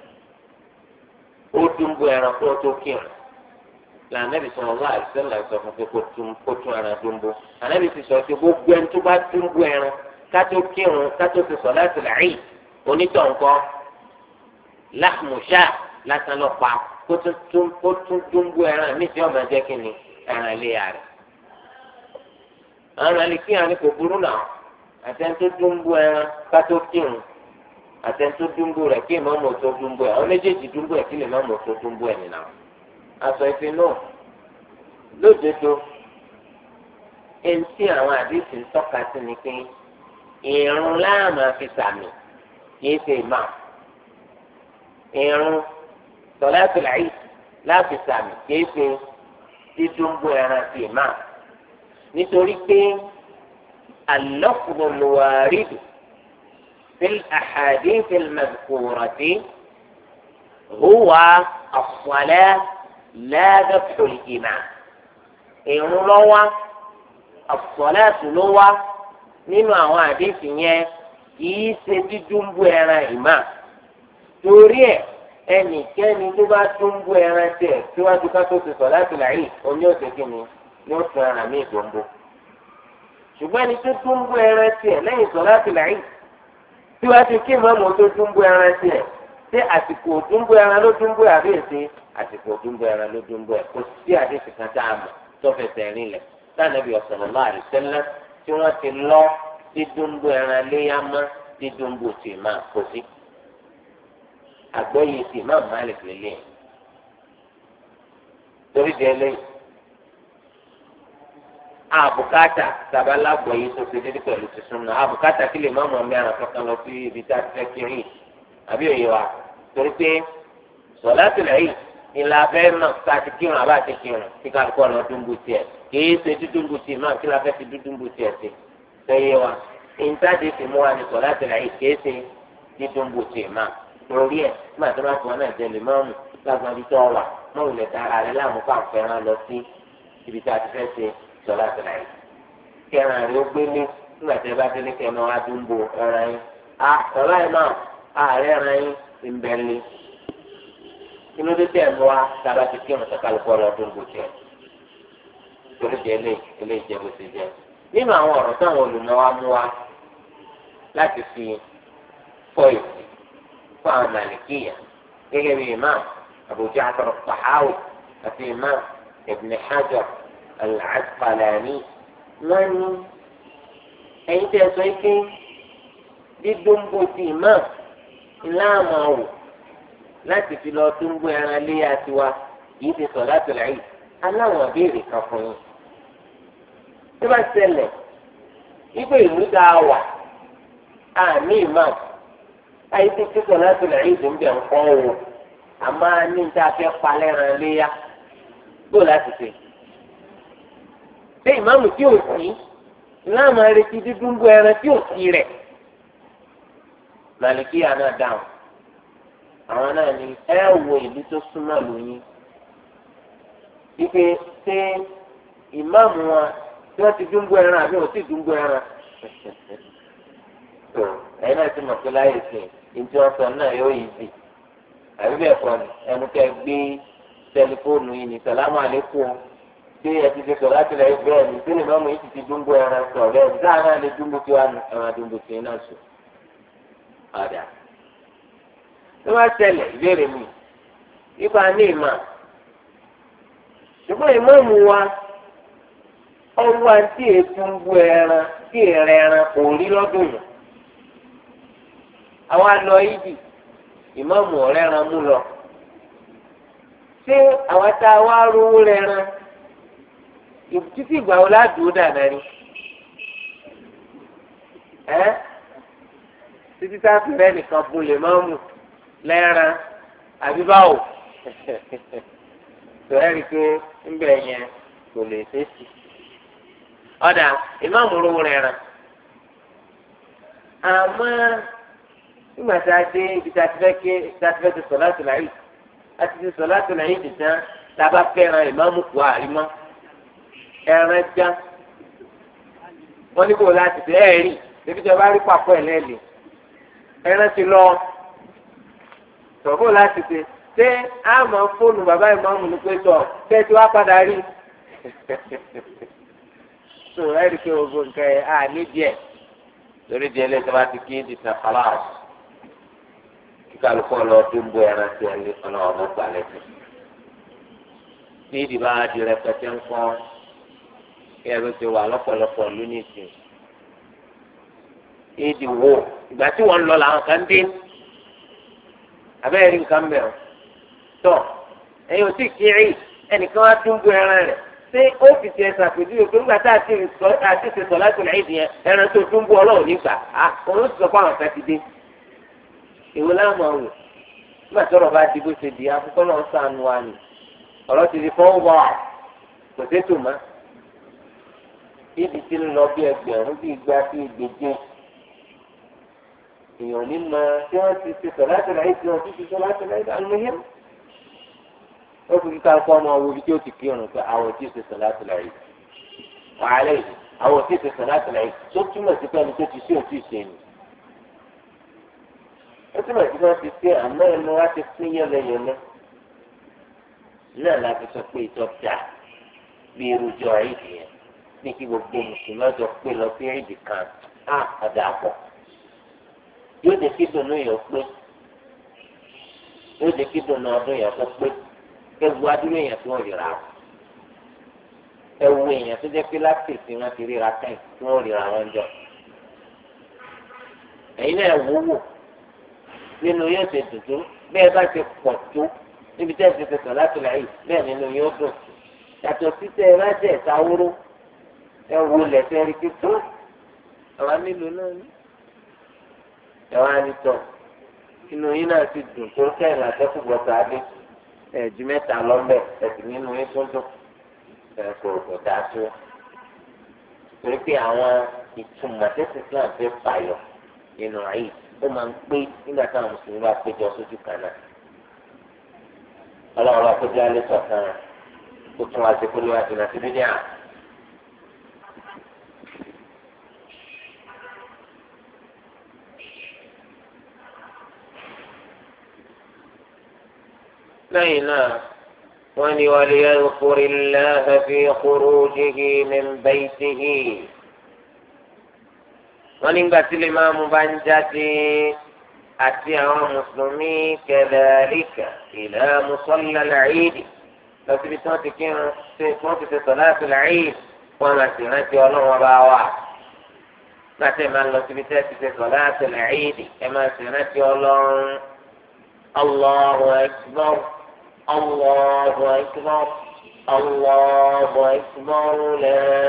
ó dúnbò ẹranko tó kírun lànàbì sọ̀rọ̀ wá àìsàn làìsàn fún pé kó tún ara dúnbò ànàbì ti sọ̀rọ̀ pé gbogbo ẹni tó bá dúnbò ẹran ká tó kírun ká tó ti sọ̀ láti làáyì onítọ̀nkọ́ láhùmùṣá lásán lọ pa kó tún dúnbú ẹran mi tí ọmọ jẹ́ kí ni ẹran iléyà rẹ̀ ẹran alikiyan ni kò burú náà àtẹ̀ntó dúnbú ẹran kátó kírun àtẹ̀ntó dúnbú rẹ̀ kí ìmọ̀ mọ̀ tó dúnbú ẹ̀ àwọn méjèèjì dúnbú ẹ̀ kí lè má mọ̀ tó dúnbú ẹ̀ nìyà aṣọ ìfẹ́ náà lódodo ẹni tí àwọn àdéhùn tọ́ka sí ni pé ìrún láàmú àfi sàmì kìí ṣe ìmá irun sọláàtì làyè láti sàmì kìí ṣe dídúngbò ẹran ti ìmá nítorí pé alọ́kùnrin lùwárídù fil àhàdíìsì mẹ̀kúrọ̀tì huwa àfọlẹ́ lẹ́dẹ̀kùn ìmá irun lọ́wọ́ àfọlẹ́ tù lọ́wọ́ nínú àwọn àdéhùn yẹn kìí ṣe dídúnbú ẹran ìmá torí ẹ ẹnikẹ́ni tó bá dúnbú ẹran tẹ̀ síwájú ká tó ti sọ láti láyè oní ọ̀sẹ̀ kìíní ni ó tún ara míì dúnbú ṣùgbọ́n ẹni tó dúnbú ẹran tẹ̀ lẹ́yìn sọ láti láyè síwájú kí mọ́mú tó dúnbú ẹran tẹ̀ ṣé àsìkò dúnbú ẹran ló dúnbú àbí èsì àsìkò dúnbú ẹran ló dúnbú ẹ kò sí àdéhùn kan tá a mọ̀ tó fẹsẹ̀ rìn lẹ̀ sáà lọ́ dídúnbò ẹran léyà mọ́ dídúnbò tì máa kó sí. àgbọ̀yé tì máa má lè fi lé. torí di ẹlẹ́yìn àbùkátà tàbá lágbọ̀yé tó ti dédé pẹ̀lú tuntun náà àbùkátà kí lè má mọ̀ mẹ́ràn kankan lọ sí ibi tá a ti fẹ́ kiri àbí òye wa torí pé sọ̀lá tìlẹ̀ yìí ìlà náà ká ti kírun àbá ti kírun kí kálukọ́ lọ dúndùn tiẹ̀ kì í ṣe dúdúndùn tiẹ̀ máa kí la fẹ́ fi tiẹ̀ sí sẹ́yìn wa ìntàdé fi mú wa ní sọ̀lá tẹ̀lé ìkéésì dídùn bò tì má lórí ẹ̀ nígbà tó bá ti wọn náà tẹ̀lé mọ́ọ̀mù lágbọ́n ibi tó wà mọ́ọ̀mù lẹ̀ tara rẹ̀ láàmú fà fẹ́ràn lọ sí ibi tá a ti fẹ́ ṣe sọ̀lá tẹ̀lé yìí kẹràn rẹ̀ ó gbélé nígbà tẹ́ bá délé kẹràn wa dùn bò ẹran yín à sọ̀lá yìí náà ààrẹ ẹran yín ti ń bẹ́ẹ̀lẹ̀ inú tó tẹ̀ mú wa tábà ti kírun sọ̀kálùkọ́ lọ́dún bò tẹ̀ torí jẹ́ ilé ìjẹ́ bó ti jẹ́ nínú àwọn ọ̀rọ̀ táwọn olùmọ̀ wa mú wa láti fi fọ ìsìn fún àwọn màlìkíyà gẹ́gẹ́ bí imam Abu Ja'far al-Tahawi àti imam Ibn Hajar al-Asqalani wọ́n ní ẹ̀yin tẹ́ sọ pé dídóńgbò ti imam ńlá àmọ́ wò láti fi lọ dóńgbò ẹran lé àtiwá yìí ti sọ láti rà aláwọ̀ béèrè kan fún yín. tó bá ṣẹlẹ̀ ipò ìlú tá a wà imam àyè tó tó sọ̀rọ̀ láti rẹ̀ ìdò bẹ̀ ń kọ́ o àmọ́ ní níta fẹ́ palẹ̀ ràn léyà gbọ́ láti ṣe. ṣé ìmáàmù tí ò sí láàmú dídún bú ẹran tí ò sí rẹ̀ màlìkíyà náà dáhùn àwọn náà ní ẹ wo ìlú tó súnmọ́ lóyún ìmáàmù tí wọ́n ti dúnbó ẹran àbí wọ́n ti dúnbó ẹran. tó ẹ̀yin náà ti mọ̀ pé láyé sí i wọ́n sọ náà yóò yí sí i àbí bẹ́ẹ̀ kọ́ ni ẹnu kẹ́ gbé tẹlifóònù yìí ní sàlámù àlékún ẹ ti sọ láti rẹ̀ bẹ́ẹ̀ ni ti ti ẹran sọ náà lè kí wọ́n sí i náà ìbéèrè mi ipa ní ìmọ̀ ṣùgbọ́n ìmọ̀ ọwọ́ àti ètùbù ẹran tí èrè ẹran kò rí lọ́dún yìí. àwọn àlọ́ ìdì ìmáàmù ọ̀rẹ́ ẹran mú lọ. ṣé àwọn tá a wá rówó rẹran títí ìgbà wo ládùúgbò dàda ni? ẹ́ títí tá a fi rẹ́ nìkan bolè máa mú lẹ́ran àbí báwo? tọ́ ẹ̀rí pé ń bẹ̀ yẹn kò lè ṣe é sí i ọ̀dà ìmáàmù rówó rẹ̀ rà àmọ́ nígbà tá a dé ibi tá a ti fẹ́ ké tá a ti fẹ́ ti sọ̀ láti láyé a ti ti sọ̀ láti láyé tìtàn lába fẹ́ràn ìmáàmù kù àrímọ́ ẹran já wọ́n ní kò láti tẹ́ ẹ̀ rí ebi tí a bá rí papọ̀ ẹ̀ lẹ́ẹ̀lẹ́ ẹran ti lọ sọ̀rọ̀ láti tẹ́ ṣé a máa fóònù bàbá ìmáàmù ní pé sọ tẹ́tí wá padà rí so ẹ̀rí pé gbogbo nǹkan ẹ̀ á nídìí ẹ̀ torí di ẹlẹ́yìn tó bá ti kí ti tẹ̀ kọ́lá ọ̀ kíkàlùkọ́ lọ tó ń bọ ẹran tí ẹ̀ lé kọ́lá ọ̀mọ́ gbà lẹ́sẹ̀ tí ìdìbò adi rẹpẹtẹ ń kọ́ kí ẹ̀rọ ti wà lọ́pọ̀lọpọ̀ lónìí ìdìwò ìgbà tí wọ́n lọ làwọn kan dín abẹ́rẹ́ nǹkan bẹ̀rẹ̀ tọ́ ẹ̀yin ò sì kí ẹnìkan wá dúnbò ẹran rẹ̀ ṣé ọ́fíìsì ẹ̀sìn àpèjúwe pé nígbà tá a ti ṣe sọ láti rẹ̀ ìdìyẹn ẹran tó tún bú ọlọ́run nígbà á òun sọ fún àwọn sátidé èwo láwọn àwọn nígbà tí ọ̀rọ̀ bá ti bó ṣe di akókó náà sànù wa ni ọ̀rọ̀ ti di fọ́n wà kò sétò mọ́ ibi tí ń lọ bí ẹgbẹ̀rún bí igba bí ìgbèje èèyàn ní ma tí wọ́n ti ṣe sọ láti rẹ̀ ìdìyẹn ó fi kíkà kọ́ ọmọ owó bí tí ó ti kírun pé àwọn tí ó ti sọ̀rọ̀ láti láyé wàhálà yìí àwọn tí ó ti sọ̀rọ̀ láti láyé tó túmọ̀ sí pé ẹni tó ti sí òtí ìṣe ni ó túmọ̀ sí pé wọ́n ti pé àmọ́ ẹnu wa ti pín yẹlẹyẹlẹ náà la fi sọ pé ìtọ́ da bí irújọ ìdí yẹn ní kí gbogbo mùsùlùmí ọjọ́ pé lọ sí ìdí kan á ọ̀dà pọ̀ yóò dé kí dùnú yẹn pé yóò dé kí dùnú ọdún yẹn pé kẹwù adúlọ èèyàn tí wọn rira ẹwù èèyàn tó jẹ pé láti èsì wọn ti ríra kẹ́yìn tí wọn rira wọn jọ ẹ̀yin náà wò wò nínú yóò ṣe dùdú bẹ́ẹ̀ bá ṣe pọ̀ tó níbi tẹ́ ẹ ti fẹsọ̀ láti láyè bẹ́ẹ̀ nínú yóò dùn yàtọ̀ títẹ ẹ bá jẹ ẹta wúrú ẹ lẹsẹ rí kíkú àwọn nílùú náà ní ẹwà nìtọ inú yín náà ti dùn tó kẹrin àtẹkùgbọta adé ẹ̀jú mẹ́ta lọ́bẹ̀ ẹ̀sìn nínú yín tó dùn ẹ̀kọ́ kò dáa tó torí pé àwọn ìtumọ̀ tẹ́sí Islam fẹ́ fàyọ nínú ayé ó máa ń pé nígbà táwọn mùsùlùmí bá péjọ sójú kan náà ọlọ́run bá péjọ alẹ́ sọ̀kan ó tún wá sí kó lè wá ní àná. lẹ́yìn náà wọ́n ní waliyadhkuri Allaha fi khurujihi min baytihi wọ́n nígbà tí lè máa mú bá ń jáde àti àwọn mùsùlùmí kadhalika ila musalla al-Eid lọ síbi tí wọ́n ti kírun tí wọ́n ti ṣe salatu al-Eid wọ́n máa sì rántí ọlọ́run bá wà láti máa lọ síbi tí wọ́n ti ṣe salatu al-Eid ẹ máa sì rántí ọlọ́run Allahu akbar. الله أكبر الله أكبر لا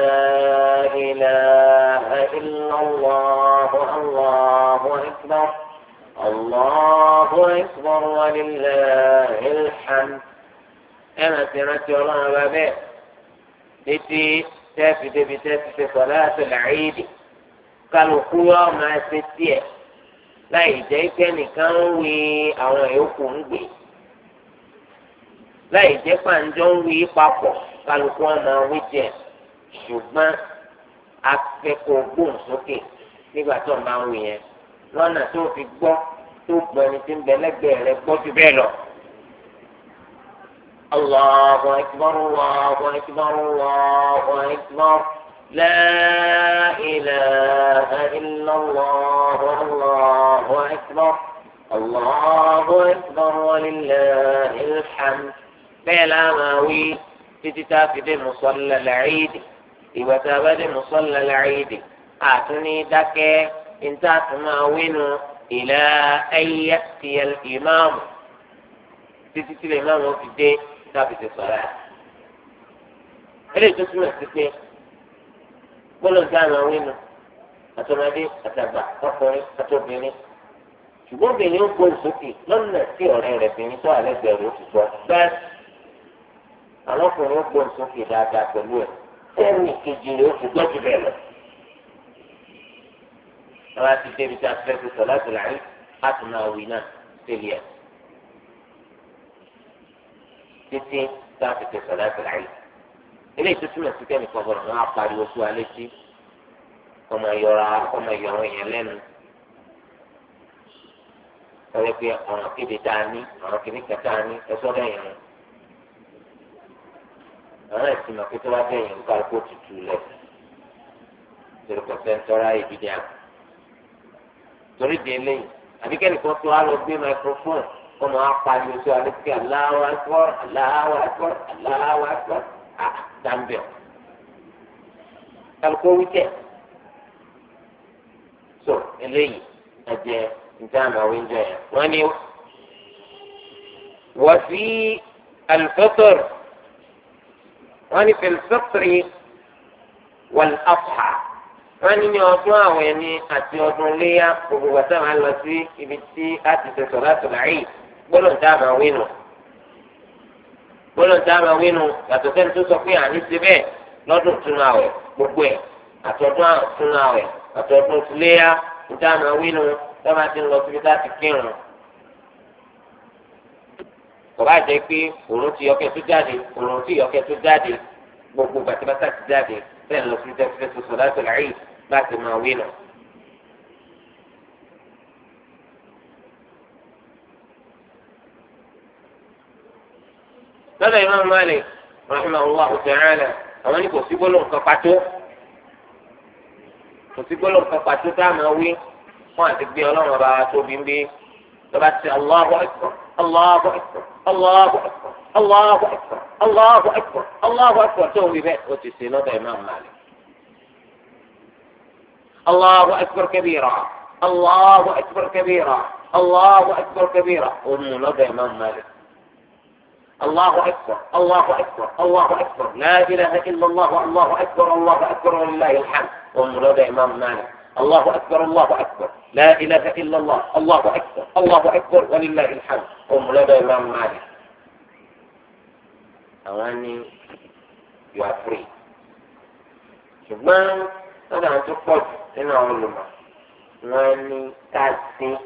إله إلا الله الله أكبر الله أكبر ولله الحمد أنا سمعت الله بابا لتي تافت بتافت صلاة العيد قالوا قوة ما ستية لا يجيك نكاوي أو يكون بيه láì jẹ́ pàǹjọ́ ń wí papọ̀ kálukú wọn máa wí jẹ ṣùgbọ́n akẹ́kọ̀ọ́ gbóhùn sókè nígbà tó ń bá ń wí yẹn lọ́nà tó fi gbọ́ tó gbọ́ ẹni tí ń bẹ lẹ́gbẹ̀ẹ́ rẹ gbọ́ jù bẹ́ẹ̀ lọ. Allahu akbar Allahu akbar Allahu akbar la ilaha illa Allah Allahu akbar Allahu akbar wa lillahi bẹ́ẹ̀ la máa wí títí tá a fi dé mùsọ̀lá làáyídì ìgbà tá a bá dé mùsọ̀lá làáyídì àtúní dákẹ́ níta tó máa wí nu ìlà ayé ti ìmáàmù títí tí ìmáàmù fi dé tá a fi ti sọ̀rọ̀ yà. eléyìí tó túmọ̀ sí pé gbọ́dọ̀ dá àwọn wí nu àtọmọdé àtàgbà ọkùnrin àtọbìnrin ṣùgbọ́n obìnrin ó gbóòsókè lọ́nà tí ọ̀rẹ́ rẹ̀ bìnrin tó àlẹ́ bẹ̀rù ó ti sọ bẹ́ẹ̀ àwọn ọkùnrin ó gbọ́ sókè dáadáa pẹ̀lú ẹ̀ tẹ́ẹ̀nì kejì rẹ̀ ó fi gbọ́ jù bẹ́ẹ̀ lọ. àwọn àti débi tí a fẹ́ fi sọ láti láàyè láti máa wí náà tẹ́lẹ̀ ẹ̀. títí tá a fi fi sọ láti láàyè. ilé ìtútù náà ti bọ̀rọ̀ wọn pariwo sí wa létí ọmọ ìyọra ọmọ ìyọ àwọn lẹ́nu. ọ̀rẹ́ ọ̀ràn kéde tá a ní ọ̀ràn kéde kẹta a ní ẹ̀sọ́ àwọn ẹ̀sìn náà pété wá bẹ̀yìn nípa ikú tutù lẹ̀ torí kò fẹ́ tọ́ra ìdílé à torí di eléyìí àbíkẹ́ni kan tó wá lọ gbé microphone kó máa pariwo sí alẹ́sìkẹ́ aláwọ̀ akọ́ aláwọ̀ akọ́ aláwọ̀ akọ́ àdàmbẹ̀ kálukó wíkẹ́ so eléyìí ẹ̀jẹ̀ níta àmà wíńjọ yẹn wọ́n ní wọ́n fi alifẹ́tọ̀rọ̀ wọ́n ní fìlfìtìrì wọ́n àpà wọ́n ní ní ọdún àwọn ẹni àti ọdún léyà gbogbo wàtá máa lọ sí ibi tí a ti tẹ̀sọ̀ láti láàyè gbọ́dọ̀ dá àmà wínú gbọ́dọ̀ dá àmà wínú yàtọ̀ sẹ́ni tó sọ pé àní ti bẹ́ẹ̀ lọ́dún túnú àwẹ̀ gbogbo ẹ̀ àtọ̀dún túnú àwẹ̀ àtọ̀dún léyà dá àmà wínú dábàá ti lọ síbi láti kírun kọba jẹ pé òun ti yọkẹ tó jáde òun ti yọkẹ tó jáde gbogbo bàtìbàtà ti jáde bẹ́ẹ̀ lọ sí jẹfẹ tuntun láti láàyè láti máa wí nà. lọ́dọ̀ Imam Malik rahimahullah ta'ala àwọn ní kò sí gbólóhùn kan pàtó kò sí gbólóhùn kan pàtó tá a máa wí fún àti gbé ọlọ́run ọba tóbi ń bí lọ́ba ti Allahu akbar Allahu akbar. الله أكبر الله أكبر الله أكبر الله أكبر tó wí bẹ́ẹ̀ ó ti ṣe الله أكبر كبيرا الله أكبر كبيرا الله أكبر كبيرا أم لدى إمام مالك الله أكبر الله أكبر الله أكبر لا إله إلا الله الله أكبر الله أكبر ولله الحمد أم لدى إمام مالك الله أكبر الله أكبر لا إله إلا الله الله أكبر الله أكبر ولله الحمد قم لدى إمام مالك أغاني يعفري شبان أنا أنت قلت هنا علماء أغاني تاسي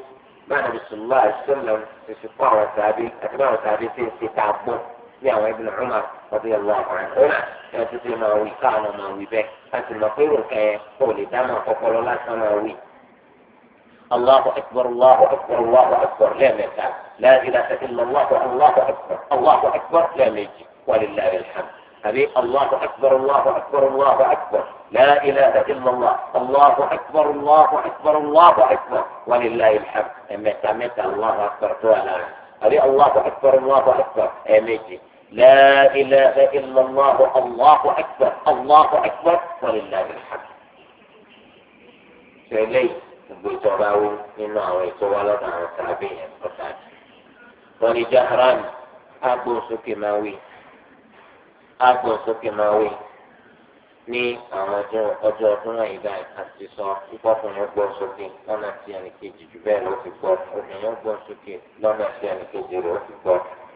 ما نبي صلى الله عليه وسلم في شفاء وتعبي أتباع وتعبي في استعبه يا ابن عمر رضي الله عنه láti fi máa wí káwọn máa wí bẹ́ẹ̀ láti mọ̀ pé nǹkan kò lè dáná ọpọlọ láti wí. الله أكبر الله أكبر الله أكبر لا مكان لا إله إلا الله الله أكبر الله أكبر لا مجي ولله الحمد هذه الله أكبر الله أكبر الله أكبر لا إله إلا الله الله أكبر الله أكبر الله أكبر ولله الحمد متى متى الله أكبر تعالى هذه الله أكبر الله أكبر أمجي لا إله إلا الله الله أكبر الله أكبر ولله الحمد سيلي بيتوباو إنو أوي سوالا دعوة سابيه القتال وني جهران أبو سكيماوي أبو سكيماوي ni àwọn ọjọ ọjọ ọdún àyíká àti sọ púpọ fún yẹn gbọ sókè lọnà tí ẹnì kejì jù bẹẹ lọ sí pọ òkè yẹn gbọ sókè lọnà tí ẹnì kejì rẹ ó ti pọ.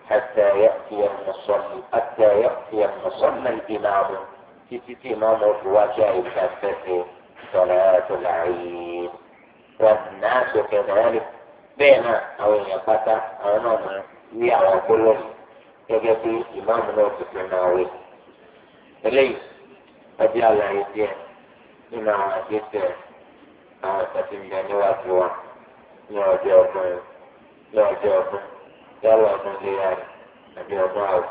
حتى يأتي المصلي حتى يأتي المصلى الإمام تتي إمام الرواجع الكافة صلاة العيد والناس كذلك بين أو يقطع أو نوم يعوى كلهم يجب إمام نوت النووي إليه قد يعلى يدين من عادته أو تتم جنوات وعن يعجبه يعجبه yálò ọdún lé ya rẹ̀ àbí ọdún àwọ̀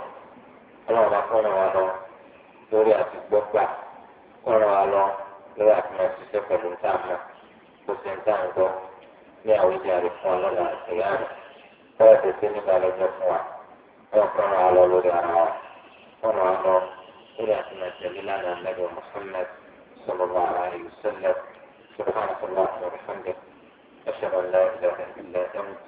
ọlọ́run bá kọ́ràn wa lọ lórí àti gbọ́gbà kọ́ràn wa lọ lórí àti máa ṣiṣẹ́ pẹ̀lú táàmù kó ṣe ń táàmù gbọ́ ní àwùjọ rẹ̀ fún ọlọ́run àti ìyá rẹ̀ kọ́ra tètè nígbà lọ́jọ́ fún wa wọ́n kọ́ràn wa lọ lórí ara wa kọ́ràn wa lọ lórí àti máa tẹ̀lé lánàá nàbẹ̀ Muhammad sallallahu alaihi wasallam subhanahu wa ta'ala wa bihamdihi ashhadu an la ilaha illa anta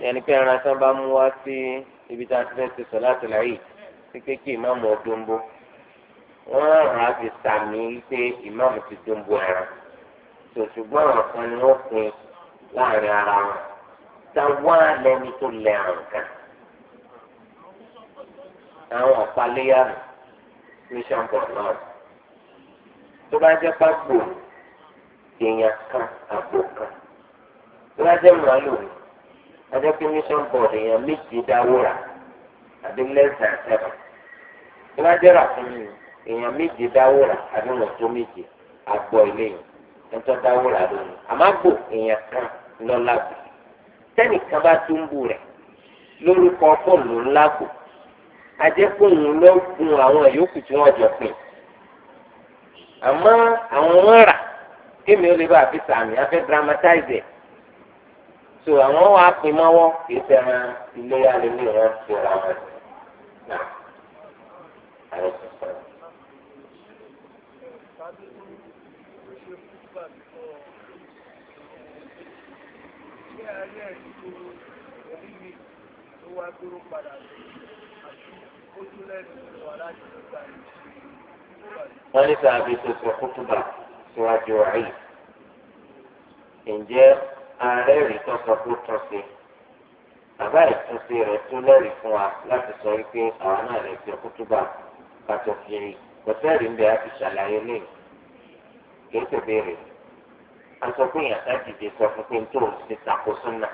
yẹnni pé ẹran tán bá mú wá sí ibi tá a ti fẹ́ ti sọ láti láàyè sí pé kí ìmáàmù ọdúnbó wọ́n rà á fi sàmì pé ìmáàmù ti dúnbó ẹran ṣùgbọ́n àwọn kan ni wọ́n pin láàrin ara wọn táwa lẹni tó lẹ àrùn kan àwọn ọ̀páléyàrá ní ṣàǹpọ̀ náà tó bá jẹ́ pàgbò èèyàn kan àpò kan tó bá jẹ́ màálù ẹjọ́ pé mission board èèyàn méjì dáwọ́ra àbí less than seven ìwádìíra fún mi èèyàn méjì dáwọ́ra àbí wọ́n tó méjì àgbọ̀ ilé yìí ẹjọ́ dáwọ́ra lónìí àmàgbò èèyàn kan lọ́la bù tẹ́nìkan bá tún bù rẹ̀ lórúkọ fọ́ọ̀lù ńlá bù ajẹ́kùnrin ló gun àwọn yòókù tí wọ́n jọ pín àmọ́ àwọn wọn rà kémi ó lè bá àfi sàmì afẹ́ dramatize it tó àwọn wà pín mọ́wọ́ kì í sẹ́ran ilé alẹ́lẹ́ wọn fi ra wọn náà àwọn wọ́n ní sábà tó sọ kútùbà síwájú ọ̀hìn ǹjẹ́ ààrẹ rí tọ́sọ tó tún sí bàbá ìtúnṣe rẹ̀ tún lẹ́rìí fún wa láti sọ wípé àwọn náà lè fi ọkútúbà kàtó kiri pẹ̀sẹ́rì ń bẹ àti ṣàlàyé lẹ́yìn kì í sì béèrè aṣọ pé èèyàn ká dìde sọ fún pé n tó ti tako súnà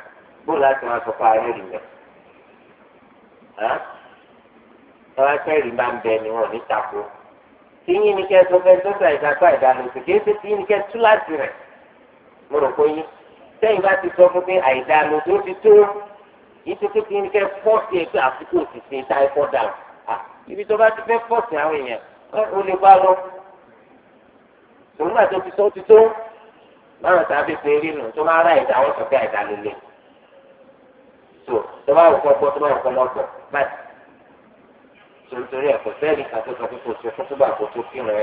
bó láti máa sọ fún ààrẹ rí mẹ́ ọ̀rọ̀ sẹ́rì máa ń bẹ ni wọn ò ní tako tíyín ni kẹ́ ẹ sọ fẹ́ tó ṣàìdá ṣàìdá lòsì kì í sì tíyín ni kẹ́ ẹ tú láti rẹ̀ mo rò pé yín sẹ́yìn bá ti sọ fún pé àìdá ló tó ti tó yíṣẹ́ tó kí n kẹ́ fọ́ọ̀sì ẹ̀ pé àfikún òṣìṣẹ́ ta ẹ̀kọ́ dà ibi tó bá ti fẹ́ fọ́ọ̀sì àwọn èèyàn ó lè bá lọ òun àti òfin sọ ti tó báwọn sábẹ́ pé rí nù tó máa ra ìdá wọn sọ pé àìdá ló lé tó tó bá wù kọ́ gbọ́ tó bá wù kọ́ lọ́gbọ̀ báyìí torítorí ẹ̀kọ́ sẹ́ẹ̀lì kan tó sọ pé kò ṣe fún túbà kó tó kírun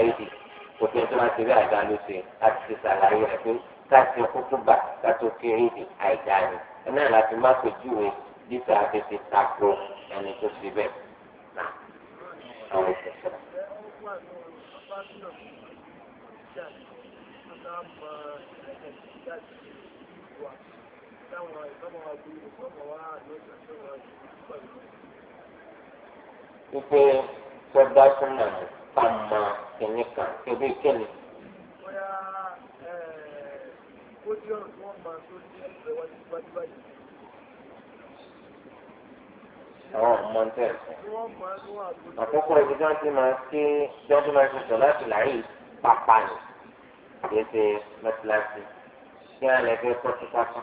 ẹ̀ káàsì kútúbà kátó kéré di àìdá ni ẹnà láti má pèjúwe dípò àtẹ̀tẹ̀ tako ẹni tó fi bẹ́ẹ̀ nà àwọn ìṣẹ̀ṣẹ̀. Ipe sọ́dá súnmọ̀ ní pàmò kìnìkan kébé kìnì. Bóyá ẹ̀ẹ́ ó jẹ́ ọ̀nà tí wọ́n máa tó ní ẹgbẹ́ wa níwájú báyìí. àwọn ọmọ tẹ àkókò ibi tí wọ́n ti máa ké dọ́kúmẹ́ntì sọ láti láyé pàpà ní kéde mẹ́tíláṣí kí á lẹ́gbẹ́ pọ́tí pátá.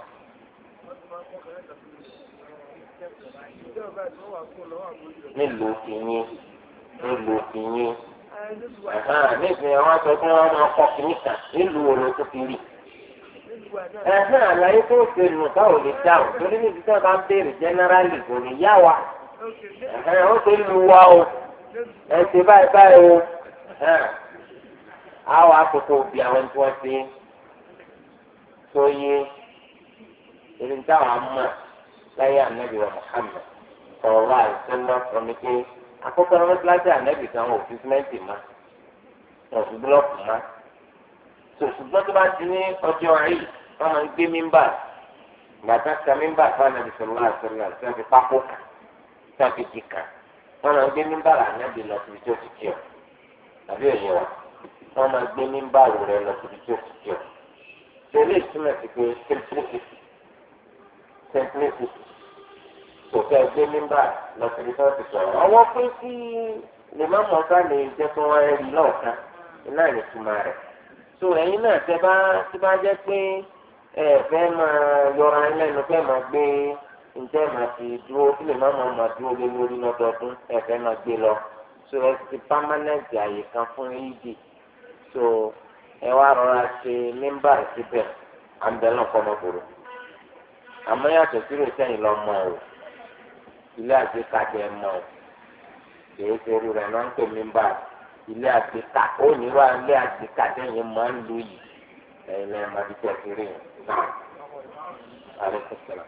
nílùú kìíní nílùú kìíní nígbìyànjú wọn sọ pé wọn máa kọ kìíní kan nílùú olókùn kìíní. ẹ̀hán àlàyé tó ṣe nù táwọn lè dáhùn torí níbi tí wọ́n bá ń béèrè jẹ́nẹ́rálì kò ní yá wa ẹ̀hán ó ṣe lu wa o ẹ̀ báyìí báyìí o àwọn akókò bí àwọn tí wọ́n ṣe tó yé èyí táwọn amọ̀ láyé ànábì wa Muhammad sọ̀rọ̀ àìsínlọ́ ọ̀nì pé akókò ẹ̀rọ pílásì ànábì kan ò fi ti ní wọn máa ń gbé mímbà gbàtà sa mímbà fún anabi sọlá àṣọlá tí wọn fi pákó kàn tí wọn fi di kàn wọn máa ń gbé mímbà anabi lọ síbi tó ti kíọ àbí òye wa wọn máa gbé mímbà rẹ lọ síbi tó ti kíọ tẹlẹ ìtumọ̀ sí pé simplicity simplicity kò fẹ́ gbé mímbà lọ síbi tó ti sọ̀rọ̀ ọwọ́ pé sí lè má mọ̀ ká lè jẹ́ kí wọ́n rí lọ́ọ̀kan náà ní ìtumọ̀ rẹ̀ so ẹ̀yin náà tẹ bá tí bá jẹ́ pé ẹ fẹ́ máa yọra ẹ lẹ́nu fẹ́ máa gbé ǹjẹ́ màá ti dúró kí lè má máa máa dúró lé lórí lọ́dọọdún ẹ fẹ́ máa gbé lọ so ẹ ti pámánẹ́ǹtì àyè kan fún yídì e so ẹ wá rọra ṣe mẹ́mbà síbẹ̀ àǹdẹ̀lọ́ kọ́mọkòrò àmọ́ yàtọ̀ sí rẹ̀ sẹ́yìn lọ mọ̀ o ilé àgbékalẹ̀ ẹ̀ mọ̀ o kìí ṣe irú rẹ̀ náà ń pè mẹ́mbà ilé àgbékalẹ̀ ó níwá ilé àgbékalẹ̀ yẹn máa ń lu yìí ẹ̀yin lẹ́yìn máa fi tẹ̀ sí rẹ̀ yẹn. عليكم السلام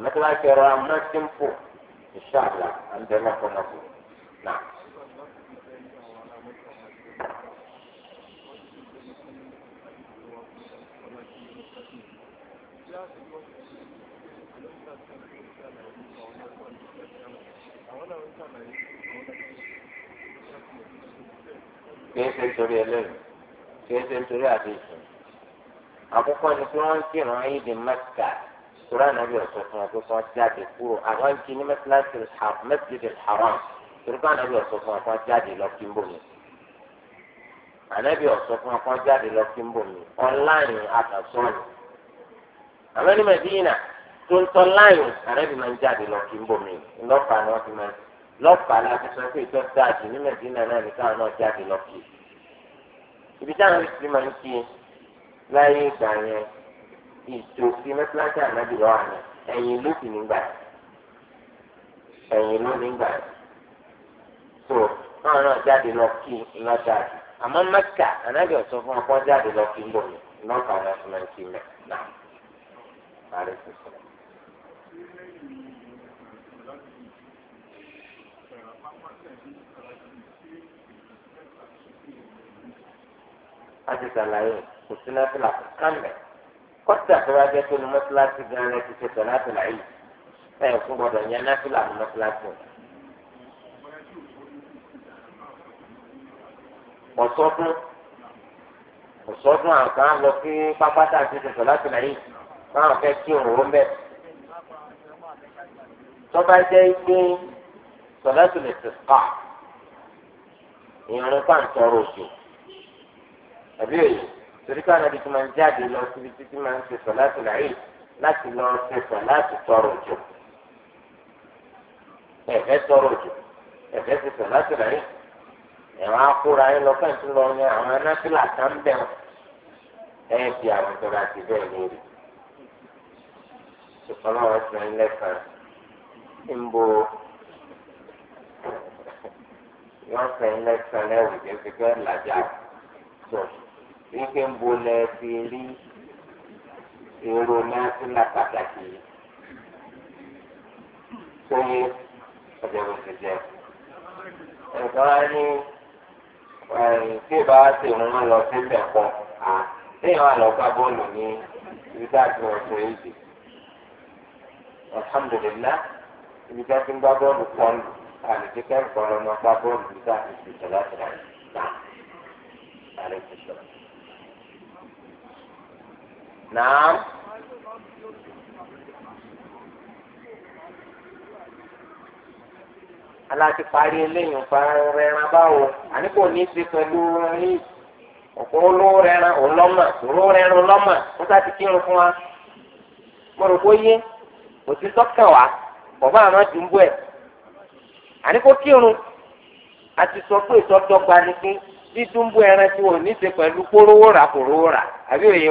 مثل كرام كرا ما تنفو الشعب عندنا في النصر نعم كيف ينتهي الليل كيف ينتهي عديث àkọ́kọ́ ni pé wọ́n ń kírun ayé di mẹ́ta sọ́rọ́ ànábì ọ̀sọ̀ fún wọn pé wọ́n jáde kúrò àwọn kí ní mẹ́tìlẹ́sì haram torí pé ànábì ọ̀sọ̀ fún wọn pé wọ́n jáde lọ kí n bò mí. ànábì ọ̀sọ̀ fún wọn pé wọ́n jáde lọ kí n bò mí ọ̀nláìn àtàsọ́ọ̀nù. àwọn ẹni mẹ́dínà tó ń tọ́ láìn ànábì máa ń jáde lọ kí n bò mí lọ́pàá ni wọ́n fi máa lọ́pàá láti sọ pé ìtọ́ dáàbì ní mẹ́dínà náà ní náà jáde lọ kí. ibi táwọn ti máa ń kí láyé ìgbà yẹn ìjòsí mẹ́tíláṣí ànábì lọ́wọ́ àná ẹ̀yìn ló sì nígbà ẹ̀yìn ló nígbà tó náà náà jáde lọ kí iná jáde àmọ́ ànábì ọ̀sọ́ fún ọkọ jáde lọ kí lómi náà kà náà náà parí sísọ. a ti kò sí náfìlà kò kánbẹ̀ kọ́tà tó bá jẹ́ pé ní mọ́tíláṣí gan-an rẹ ti ṣe tọ̀ náfìlà yìí ẹ̀ fún gbọ́dọ̀ yẹn náfìlà ní mọ́tíláṣí. ọ̀sọ́dún ọ̀sọ́dún àwọn kan lọ sí pápátá ti ṣe tọ̀ yìí báwọn fẹ́ kí òun rò ń tọ́ba jẹ́ pé sọ̀dọ́tù ti pa ìrìn pàǹtọ́rọ̀ òjò àbí òyìn torí ká nàbí tí máa ń jáde lọ síbi títí máa ń ṣe sọ̀láàtì láàyè láti lọ ṣe sọ̀láàtì tọrọ òjò ẹ̀fẹ́ tọrọ òjò ẹ̀fẹ́ ṣe sọ̀láàtì láàyè ẹ̀wọ̀n akóra yín lọ fẹ́ǹtì lọ ní àwọn anáfíà kan bẹ̀ ẹ̀ fi àwọn ìjọba ti bẹ́ẹ̀ lórí ọlọ́run ti ń lẹ́ka ń bo wọ́n fẹ́ ń lẹ́ka lẹ́wù jẹ́ pé bẹ́ẹ̀ tó wípé ń bo lẹ ti rí èrò náà sí la pàtàkì sóyè ọjọ́bù ti jẹ. ẹ̀ka wá ní tí ìbá ti rún wọn lọ sí ẹ̀kọ́ à lẹ́yìn wọn lọ gbá bọ́ọ̀lù ní ibi tá a ti ibi tá a ti ń gbá bọ́ọ̀lù pọ́ńdù àlùjẹ kẹ́kọ̀ọ́ lọ́mọ gbá bọ́ọ̀lù ibi tá a ti nàám. aláti parí eléyìí pa rẹran báwo àní ní í ṣe pẹ̀lú yìí olówó rẹran òlọ́mà òlówó rẹran òlọ́mà ó sá kírun fún wa mo rò pé yé kò sí sọ́kàn wá bàbá àmọ́ kírun a ti sọ pé gba ni ẹran tí wọn ò ní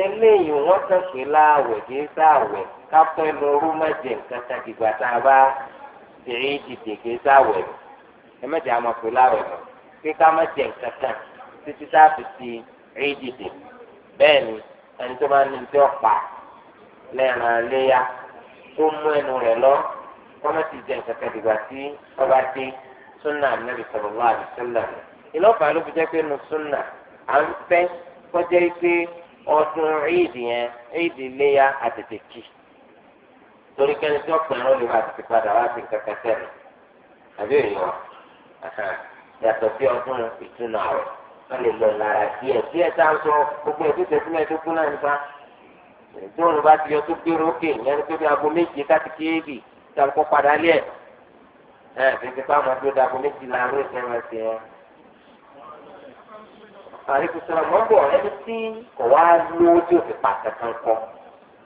eléyìí wọ́n kàn pé láàwẹ̀ kì í sáàwẹ̀ kápẹ́ lọ́rú mẹ́jẹ̀ nǹkan kan dìgbà tá a bá tèrè dìde kì í sáàwẹ̀ ẹ mẹ́jẹ̀ àmọ́ pé láàwẹ̀ mọ́ pé ká mẹ́jẹ̀ nǹkan kan títí tá a fi ti rí dìde bẹ́ẹ̀ ni ẹni tó bá ní ní tí ó pa lẹ́ran léyà tó mú ẹnu rẹ̀ lọ wọ́n mẹ́jẹ̀ jẹ̀ dìgbà tí ọba dé súnà nàbì sallallahu alaihi wasallam ìlọ́pàá ló fi jẹ́ pé nu súnà à ń fẹ́ kọjá pé ọdún ìdì yẹn ìdì léya àtètè kì torí kẹ́ni tí àtètè padà wá sí sẹ́nu àbí èèyàn yàtọ̀ sí ọdún wọ́n lè lọ lára díẹ̀ díẹ̀ tá a sọ gbogbo tó kún náà nípa bá ti yọ tó ní aago méje káti a kọ́ padà ẹ̀ àríkù sọ̀rọ̀ mọ́ bọ̀ ẹni tí kò wá lówó tí òfin pàtàkì kọ́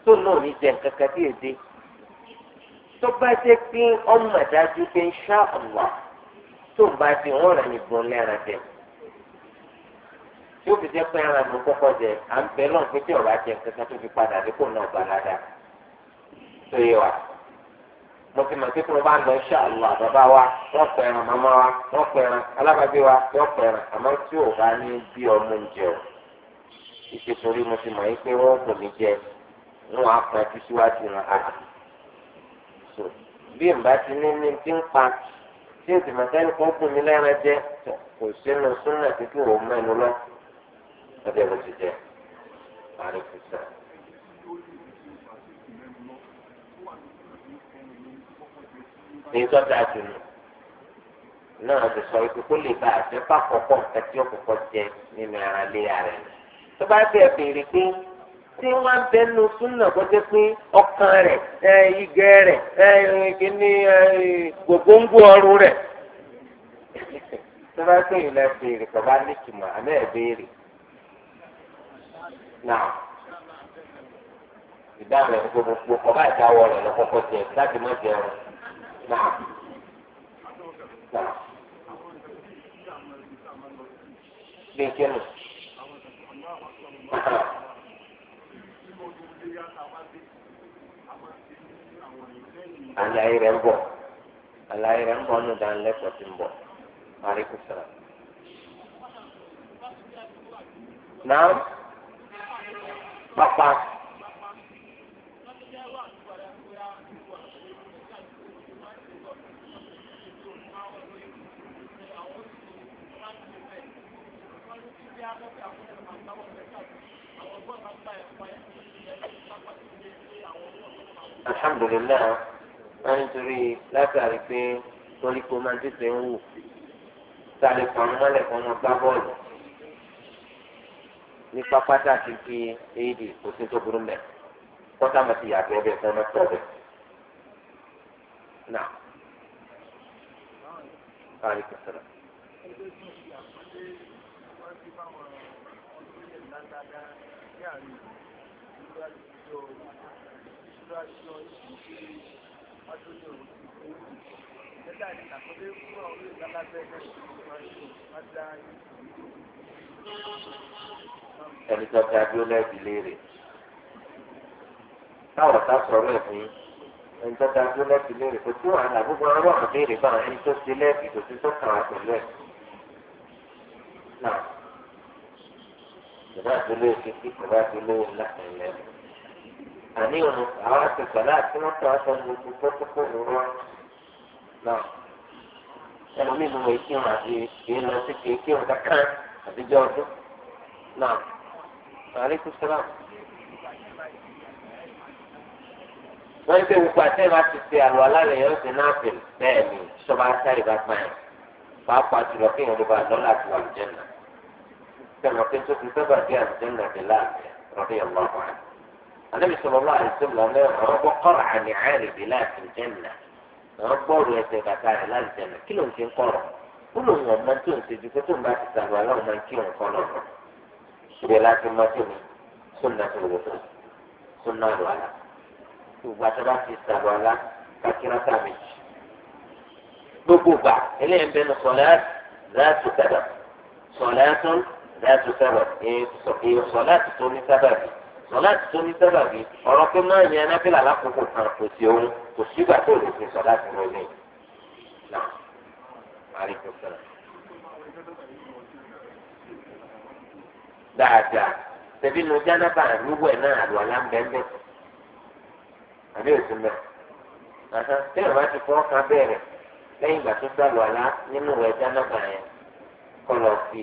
tó náà ní jẹ nǹkan kan tí tó bá jẹ́ pé ọmọ ìdájú pé ń ṣá ọ̀wà tó bá di wọn rẹ̀ nìbọn lẹ́ran jẹ tí fi jẹ́ pé ara mi kọ́kọ́ jẹ à ń bẹ náà pé tí ọ̀rọ̀ nǹkan tó balada tó mo fi mọ̀ sí tí mo bá lọ ṣe àlọ́ àbàbà wa wọ́n pẹ̀ràn màmá wa wọ́n pẹ̀ràn alábàbí wa wọ́n pẹ̀ràn àmọ́ tí ò bá ní bí ọmọ ìjẹ o ìṣe torí mo fi mọ̀ yín pé wọ́n kò ní jẹ wọn á pa ẹtú síwájú wọn á so bí n bá ti ní ní ti ń pa tí o sì mọ̀ sẹ́ni kan kù mí lẹ́ran jẹ kò sínú súnà títí òun mẹ́nu lọ ọdẹ mo ti jẹ àrífísà. èyí tó dáa jù lọ náà ti sọ ikú kó lè bá àjẹ bá kọ̀ọ̀kọ̀ nǹkan tí ó kọ̀ọ̀kọ̀ jẹ nínú ara lé ara rẹ̀ tó bá bẹ̀ béèrè pé tí wọ́n bẹnu súnà kọjá pé ọkàn rẹ̀ igẹ rẹ̀ kíní gbogbo ọrùn rẹ̀ tó bá pè yín lẹ béèrè kọ̀ bá ní tùmọ̀ àmì ẹ̀ béèrè náà ìdáhùn ẹ̀ gbogbo kọ̀ bá ìdáwọ̀ rẹ̀ lọ́kọ̀ọ̀kọ̀ jẹ láti má jẹun. Nàá. Nàá. Bí kíni? Àlàyé rẹ̀ ń bọ̀. Àlàyé rẹ̀ ń bọ̀ ní ìdánilẹ́kọ̀ọ́ ti ń bọ̀. Àríkù sọ̀rọ̀. Nàá. Pápá. alhamdulilayi wọn nítorí látàrí pé torí kó máa tètè ń wù sáré kan mọ́lẹ̀ kan mọ́ gbá bọ́ọ̀lù ní pápátá ti fi éèdì kò sí tó burú mẹ́ kọ́tà mọ̀ sí yàtọ̀ ọbẹ̀ fún ọmọ tó ọbẹ̀ náà. Aleykum ẹni tó ta bí ó lẹ́bi léèrè táwọn ọ̀tá sọ̀rọ̀ ẹ̀ fún ẹni tó ta bí ó lẹ́bi léèrè kò tí wàhálà gbogbo ọlọ́run léèrè báwọn ẹni tó ti lẹ́bi kò tí tó kàn á pẹ̀lú ẹ̀ ìbá àdúlé kékeré ìbá àdúlé ńláńlẹ. àní òun àwọn àti sọlá àti wọn tọ aṣọ ní ojú tó kókó ní wọn náà. ẹnu mi mú èkí wọn àti èyí lọ sí kéèké wọn kankan àtijọ́ ọdún náà. àríkú sọlá. wọ́n ṣe gbogbo àtẹ́yìn bá ti ṣe àlọ́ alálẹ̀ yẹn ṣe náà fèrè bẹ́ẹ̀ ni sọba sáré bá gbà pàápàá jùlọ kéèyàn ló bá lọ́la àti wàlúùjẹ́ náà. كان وكان شوف البابا كان جنة بلال رضي الله عنه النبي صلى الله عليه وسلم رب قرع نعال بلال في الجنة رب قول يسيبا كان لا الجنة كلهم كين قرع كلهم ومن تنسي جفتهم ما تسألوا لهم من كين قرع بلال ما تنسي سنة الوضوء سنة الولاء وبعد ما تسألوا لهم كاكرة تامش بقوبة إليه بين صلاة ذات كذا صلاة ذات سبب إيه صلاة توني سبب صلاة توني سبب ولكن ما يانا على العلاقة كنت تسيون تسيبا تولي في صلاة توني نعم عليكم السلام dáadáa tẹbi nu jánábà níwọ̀ ẹ̀ náà àlọ́ alámbẹ́ńbẹ́ àbí òsùn mẹ́ tẹ́lẹ̀ bá ti fọ́ ká bẹ̀rẹ̀ lẹ́yìn ìgbà tó gbàlọ́ alá nínú ẹ̀ jánábà yẹn kọ́ lọ fi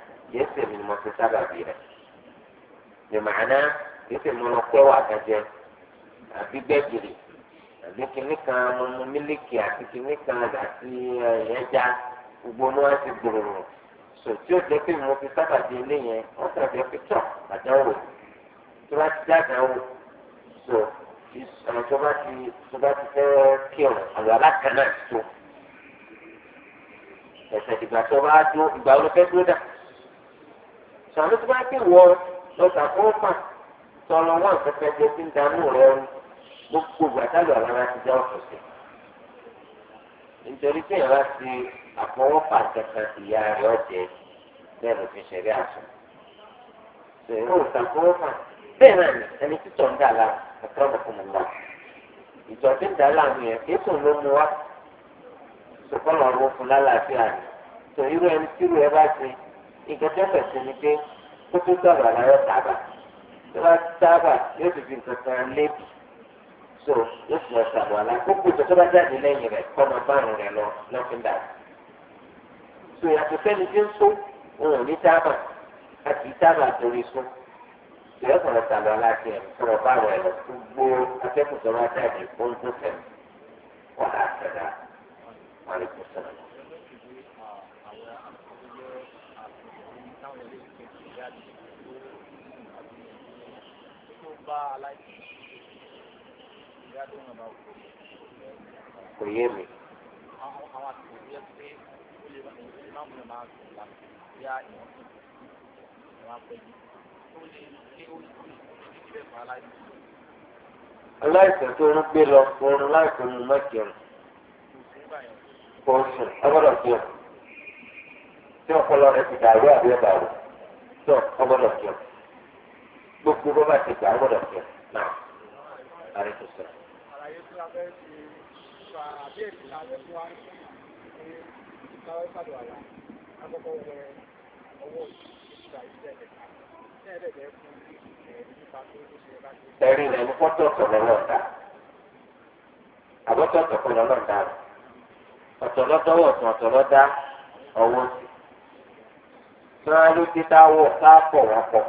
kìí ṣe mi ni mo ti sábà bí rẹ̀ ìmọ̀ọ́nà kìí ṣe mi lọ pẹ́ wà kẹjẹ àbí gbẹ́gìrì àbí kìíní kan mo mu mílíkì àti kìíní kan àti ẹ̀yẹ́já gbogbo ni wọ́n ti gbòòrò sọ tí ó jẹ́ pé mo ti sábà bí ilé yẹn wọ́n sàbí ẹ pé tọ́ àdánwò tí wọ́n ti dá àdánwò sọ ọ̀nà ti tó ti fẹ́ kí ọ̀nà àlọ́ alákànnà tó ẹ̀sẹ̀ ìgbà tó bá dó ìgbà wo ló fẹ́ dà sàmì tó bá ti wọ lọ́sà fún fà tọ́lọ wọn kẹfẹ́ jẹ tí ń dààmú rẹ ń gbogbo gbàdálù àlàra ti dá ọ̀sẹ̀ sí. nítorí pé ìyàrá ti àfọwọ́fà kẹta ìyá rẹ ọ̀jẹ̀ bẹ́ẹ̀ ló fi ṣẹ̀rí àṣọ. sèrè ò sàfọwọ́fà bẹ́ẹ̀ náà ni ẹni títọ̀ ń dà la ẹ̀kọ́ ọ̀dọ̀kùn mọ̀ wá. ìjọ tí ń dà láàmú yẹn kí èso ló mu wá. sọ̀kọ́ lọ́rùn fún lálàáfíà ni. tòun irú ẹni tí irú ẹ bá ti ìgbẹ́jẹ́fẹ̀ sí ni pé tó tó dọ̀rọ̀ lọ́wọ́ tábà tó bá tábà yóò ti fi nǹkan kan lébi so yóò fi lọ sàbọ̀ àlá kókó tó tó bá jáde lẹ́yìn rẹ̀ kọ́nà bárùn rẹ̀ lọ lọ́fíńdà so yàtọ̀ sẹ́ni tí ń só òun ò ní tábà àti tábà torí só ìyá sọ̀rọ̀ sàbọ̀ àlá tiẹ̀ sọ̀rọ̀ bárùn rẹ̀ lọ gbogbo akẹ́kọ̀ọ́ tó bá jáde ó ń tó fẹ̀ wọ́n á sẹ̀dá wọ́n á lè kó sọ̀rọ̀ kò yé mi. aláìsàn tó ń gbé lọ oorun láìpẹ́ mu mẹ́kẹ̀rún kò sùn ọgbọ́dọ̀ jẹun tí ọpọlọ rẹ ti dàrú àbí ẹ̀dàrú tó ọgbọ́dọ̀ kí ọ gbogbo bọba ti gbà ọgbọ́dọ̀ kí ọ náà àrẹ tó sọ. àlàyé tí a fẹ́ ṣe fa àbí èsì àti fún wa ní ìtawọ́ ìpàdé àlá ẹ̀rí rẹ̀ ní pọ́tọ̀ sọ̀rọ̀ náà àbọ̀tọ̀ sọ̀rọ̀ náà dá ọ̀tọ̀ ọwọ́ sí tí wọn ló ti dáwọ sáàpọ wọn pọ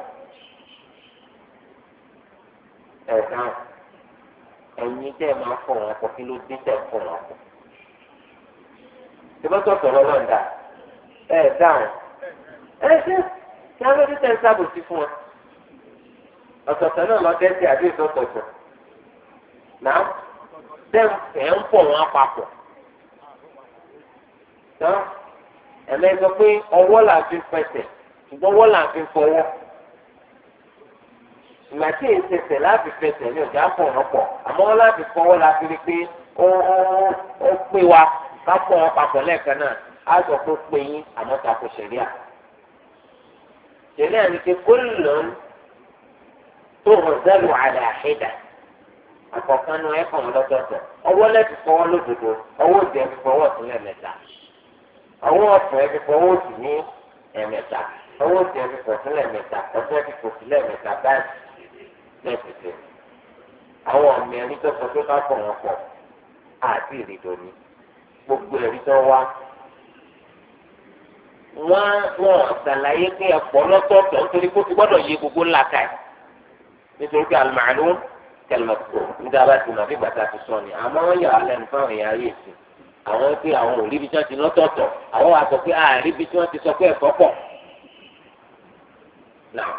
ẹ̀dá ẹ̀yin tẹ́ ẹ máa fọ wọn pọ kí ló dé tẹ́ fọ wọn pọ tìbọ́tọ̀ sọ̀rọ̀ lọ́ńdà ẹ̀ dáhùn ẹ̀ ṣe kí wọn ló dé tẹ́ ẹ sábòsí fún wọn ọ̀sọ̀tọ̀ náà lọ dẹ́sẹ̀ àbí ìsọ̀tọ̀tọ̀ náà dẹ́n ẹ̀ ń pọ̀ wọn papọ̀ ẹ̀mẹ́ sọ pé ọwọ́ là fi fẹsẹ̀ ṣùgbọ́n ọwọ́ là fi fọwọ́ ìgbà tí èyí fẹsẹ̀ láti fẹsẹ̀ ní ọjà pọ̀ lọ́pọ̀ àmọ́ láti fọwọ́ la fi rí pé ó pé wa ká pọ̀ papọ̀ lẹ́ẹ̀kan náà á sọ pé pé yín àmọ́ ta kò ṣẹ̀ríà ṣẹ̀ríà ni pé kó lọ́n tó hàn sẹ́lù àlẹ́ àṣẹ̀dá àkọ́kọ́ nu ẹ̀kọ́ lọ́tọ̀ọ̀tọ̀ ọwọ́ lẹ́ẹ̀fi fọwọ́ lódodo ọwọ́ òdì ẹ̀fi fọwọ́ sílẹ̀ mẹ́ta àwọn ọ̀sẹ̀ ẹ̀ ti fọwọ́ òsì ní ẹ̀mẹ̀ta ọwọ́ òsì ẹ̀ ti fọ̀ sílẹ̀ mẹ́ta ọ̀sẹ̀ ẹ̀ ti fọ̀ sílẹ̀ mẹ́ta báyìí lẹ́sìtì àwọn ọ̀mì ẹ̀rí tó sọ pé ká fọ̀ wọn pọ̀ àti ìrìndò ni gbogbo ẹ̀rí tó wá wọ́n wọ́n ṣàlàyé pé ẹ̀pọ̀ lọ́tọ̀ọ̀tọ̀ nítorí kó ti gbọ́dọ̀ yé gbogbo ńlá ká ẹ̀ nítorí pé àlùmàlú kẹlẹ̀mọ̀tò nígbà bá ti mọ̀ bí gbàtà ti sọ ni àmọ́ wọ́n yà á lẹ́nu fáwọn èèyàn ayé ìsìn àwọn pé àwọn ò ríbi tí wọ́n ti lọ́tọ̀ọ̀tọ̀ àwọn wà sọ pé àríbi tí wọ́n ti sọ pé ẹ̀fọ́ pọ̀ náà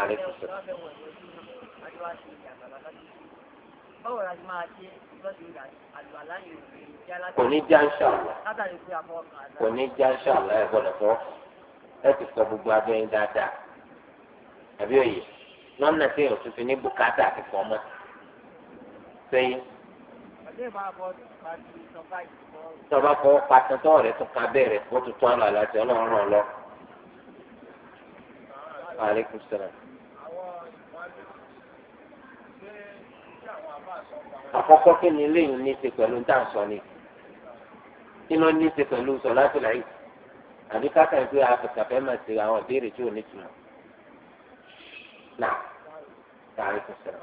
àrẹ kò sọ. kò ní já ṣàlà kò ní já ṣàlà ẹ gbọ́dọ̀ fọ ẹ ti sọ gbogbo abẹ́yìn dáadáa àbí òye lọ́nà tí èèyàn tuntun ní bùkátà àti fọmọ́ sẹ́yìn tọba kọ pàtàkọ rẹ tún ká bẹ̀rẹ̀ ó tún tún àlọ àti Ọlọ́run ràn lọ. aleykum salaam. àkọ́kọ́ kí ni eléyìí ní í ṣe pẹ̀lú tá à ń sọ ni kí ló ní í ṣe pẹ̀lú sọ láti láyé àbí káka ìgbé Áfíríkà fẹ́ máa ṣe àwọn ìbéèrè tí ò ní túmọ̀. náà aleykum salaam.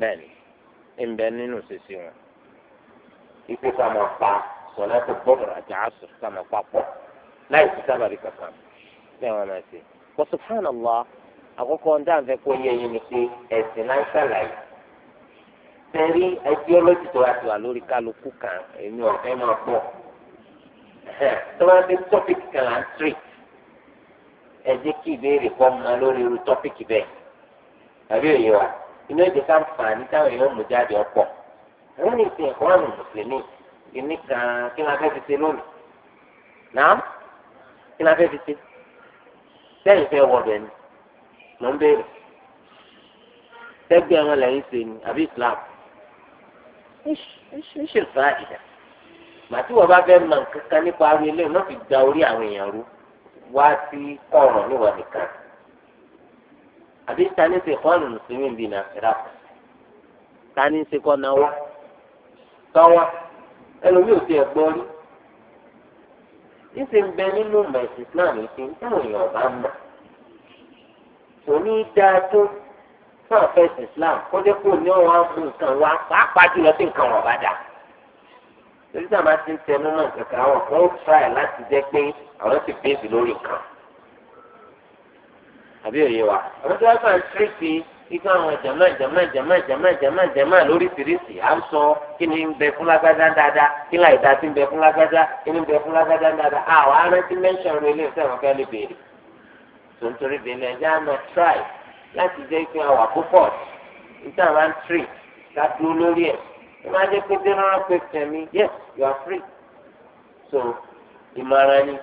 bẹ́ẹ̀ni ìbẹ nínú sisi wọn ikú ká pa sọlá tó gbọdọ àti àṣù ká pa pọ láì sí sábàbí kankan bẹ́ẹ̀ wọn máa ṣe kò subhanallah àkọ́kọ́ ń dáǹfẹ kó yẹ yín ni pé ẹ̀sìn náà ń ṣàlàyé tẹ̀rí ideology tó wà tó wà lórí kálukú kan máa ẹ jẹ́ kí ìbéèrè pọ̀ mọ́ lórí irú tọ́pìkì bẹ́ẹ̀ àbí òye wa inú ẹ̀jẹ̀ ká nfààní táwọn èèyàn mú jáde ọ̀pọ̀ wọ́n ní ìsìn ẹ̀kọ́ àrùn mùsùlùmí kìíní kan kí ni a fẹ́ fi ṣe lónìí náà kí ni a fẹ́ fi ṣe sẹ́yìn fẹ́ wọ bẹ́ẹ̀ ni mò ń béèrè tẹ́gbẹ́ wọn lẹ́yìn ṣe ni àbí Islam ń ṣe fàáìdà màtí wọ́n bá fẹ́ mọ nǹkan kan nípa aró ilé náà fi da orí àwọn èèyàn rú. wá sí ọ̀ràn níwọ̀n nìkan àbí tani ṣe kọ́ ọ̀nà mùsùlùmí bíi náà ẹ̀rá tani ṣe kọ́ náà wá tọ́wọ́ ẹlòmí ò tiẹ̀ gbọ́ rí níṣẹ́ ń bẹ nínú mẹ̀sì ti táwọn èèyàn bá mọ̀ kò dáa tó fún àfẹ́sì Islam kó dé kó ní ọ̀rọ̀ àwọn nǹkan wá pàápàá jùlọ sí torí sábà ti ń tẹnu mọ́ kankan àwọn kan ó tíráì láti jẹ́ pé àwọn ti bèèbì lórí kan àbí òye wa àwọn tí wọ́n fà ń tírìtì ikú àwọn jama jama jama jama jama jama lóríṣiríṣi à ń sọ kí ni ń bẹ fún lágbádá dáadáa kí láì dá sí ń bẹ fún lágbádá kí ni ń bẹ fún lágbádá dáadáa àwọn arántí mẹ́ńsàn rẹ ilé ìfẹ́ fẹ́ lè béèrè tíráì láti jẹ́ ikú àwọn ìmájẹ́ pé general question mi yes you are free so ìmọ̀ràn ni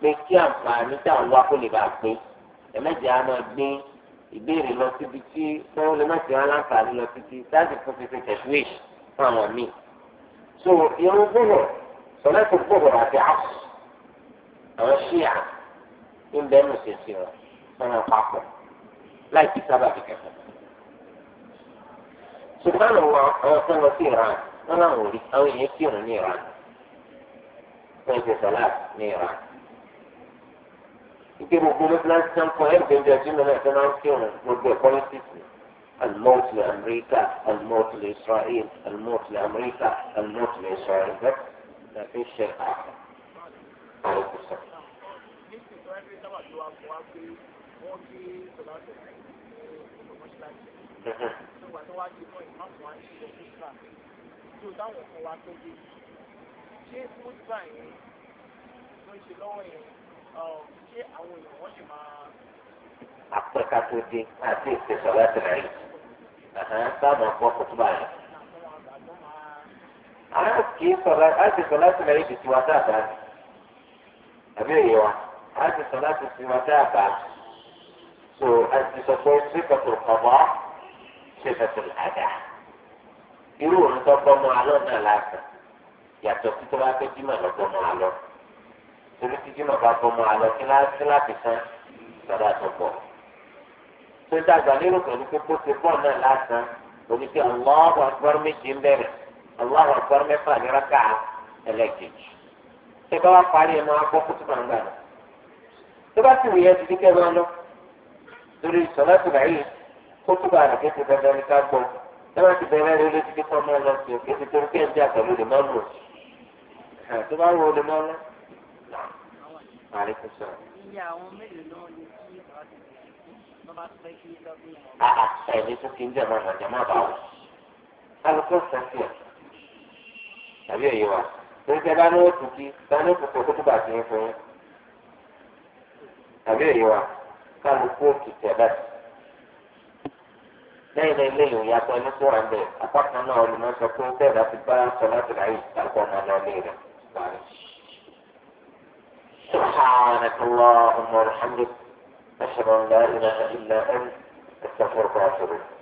pé kí àǹfààní tá à ń wá kó lè bàa pé ẹ̀mẹ́jẹ̀ á máa gbé ìbéèrè lọ síbi tí wọ́n lè má ti wọn láǹfààní lọ títí láti fún fífi tẹ̀síwèé fún àwọn míì so irun gbọ́dọ̀ sọlá tó gbọ́dọ̀ àti àṣù àwọn ṣíà ń bẹ́ẹ̀ nù ṣèṣì wọn wọn papọ̀ láì kí sábà fi kẹfẹ́ ṣùgbọ́n àwọn àwọn tó ń lọ sí ìran wọn làwọn ò rí àwọn èèyàn kírun ní ìran wọn ń ṣe sọlá ní ìran. ike gbogbo ló fi láti sàn kan ẹgbẹ́ ìjọ jimmy náà tó máa ń kírun gbogbo ẹ̀kọ́ ní sísè alimọ́tì amẹ́ríkà alimọ́tì israel alimọ́tì amẹ́ríkà alimọ́tì israel bẹ́ẹ̀ ni fi ṣe àwọn ìkùsọ̀ wọ́n gbé sọ̀láṣẹ̀ ní ọmọ ṣé mútúbà yẹn ló ń ṣe lọ́wọ́ yẹn ṣé àwọn èèyàn wọ́n sì máa. apẹ́kàtòdì àti ìpèsè láti rẹ̀ sáàmù ọ̀pọ̀ kùtùbà yẹn. àwọn kì í sọ̀rọ̀ láti sọ láti rẹ̀ ìdí tiwa dáadáa àbí èyí wa láti sọ láti tiwa dáadáa so àti sọ pé sípò tó kọ̀ bọ́ ṣèfẹ̀tò làdá irú òun tó bọ́ mọ́ alọ́ náà lásán yàtọ̀ sí tó bá fẹ́ jímọ̀ lọ bọ́ mọ́ alọ́ torí tí jímọ̀ bá bọ́ mọ́ alọ́ kí láti san ìgbàdá tó bọ̀ tó dàgbà lérò pẹ̀lú pé bó ṣe bọ́ náà lásán oníṣẹ́ Allahu Akbar méjì ń bẹ̀rẹ̀ Allahu Akbar mẹ́fà ní rákà ẹlẹ́kejì tó bá wá parí ẹ̀ máa gbọ́ kótó máa lọ tó bá sì wù yẹn ti dí kẹ́ máa lọ torí sọ̀rọ̀ tó kótóbá rẹ̀ kéde dandan ní ká gbọ́ ẹ má ti bẹ̀rẹ̀ rẹ̀ lójú kí sọ́mọ́ ẹ lọ sí o kéde torí kí ẹ jẹ́ àtẹ̀lé lè má lò tó bá wọ lè má lọ. Ẹni tó kí ń jẹ́ màmá jẹ́ má bàá wò. Alùpùpù sàn sí ẹ̀. Tàbí òye wa. Torí pé bá ní ó tún kí, bá ní ó kókó kótóbá sí ń Tàbí òye wa. Kálukú òkìtì ẹ̀ bá ti. lẹ́yìn ilé eléyìí ìyàtọ̀ ẹni tó rà bẹ́ẹ̀ apákan náà olùmọ̀ sọ pé bẹ́ẹ̀ bá ti bá sọlá tó láyé ìtàkùn ọmọ náà lé rẹ̀ parí. سبحانك اللهم وبحمدك أشهد أن لا إله إلا أنت أستغفرك وأتوب إليك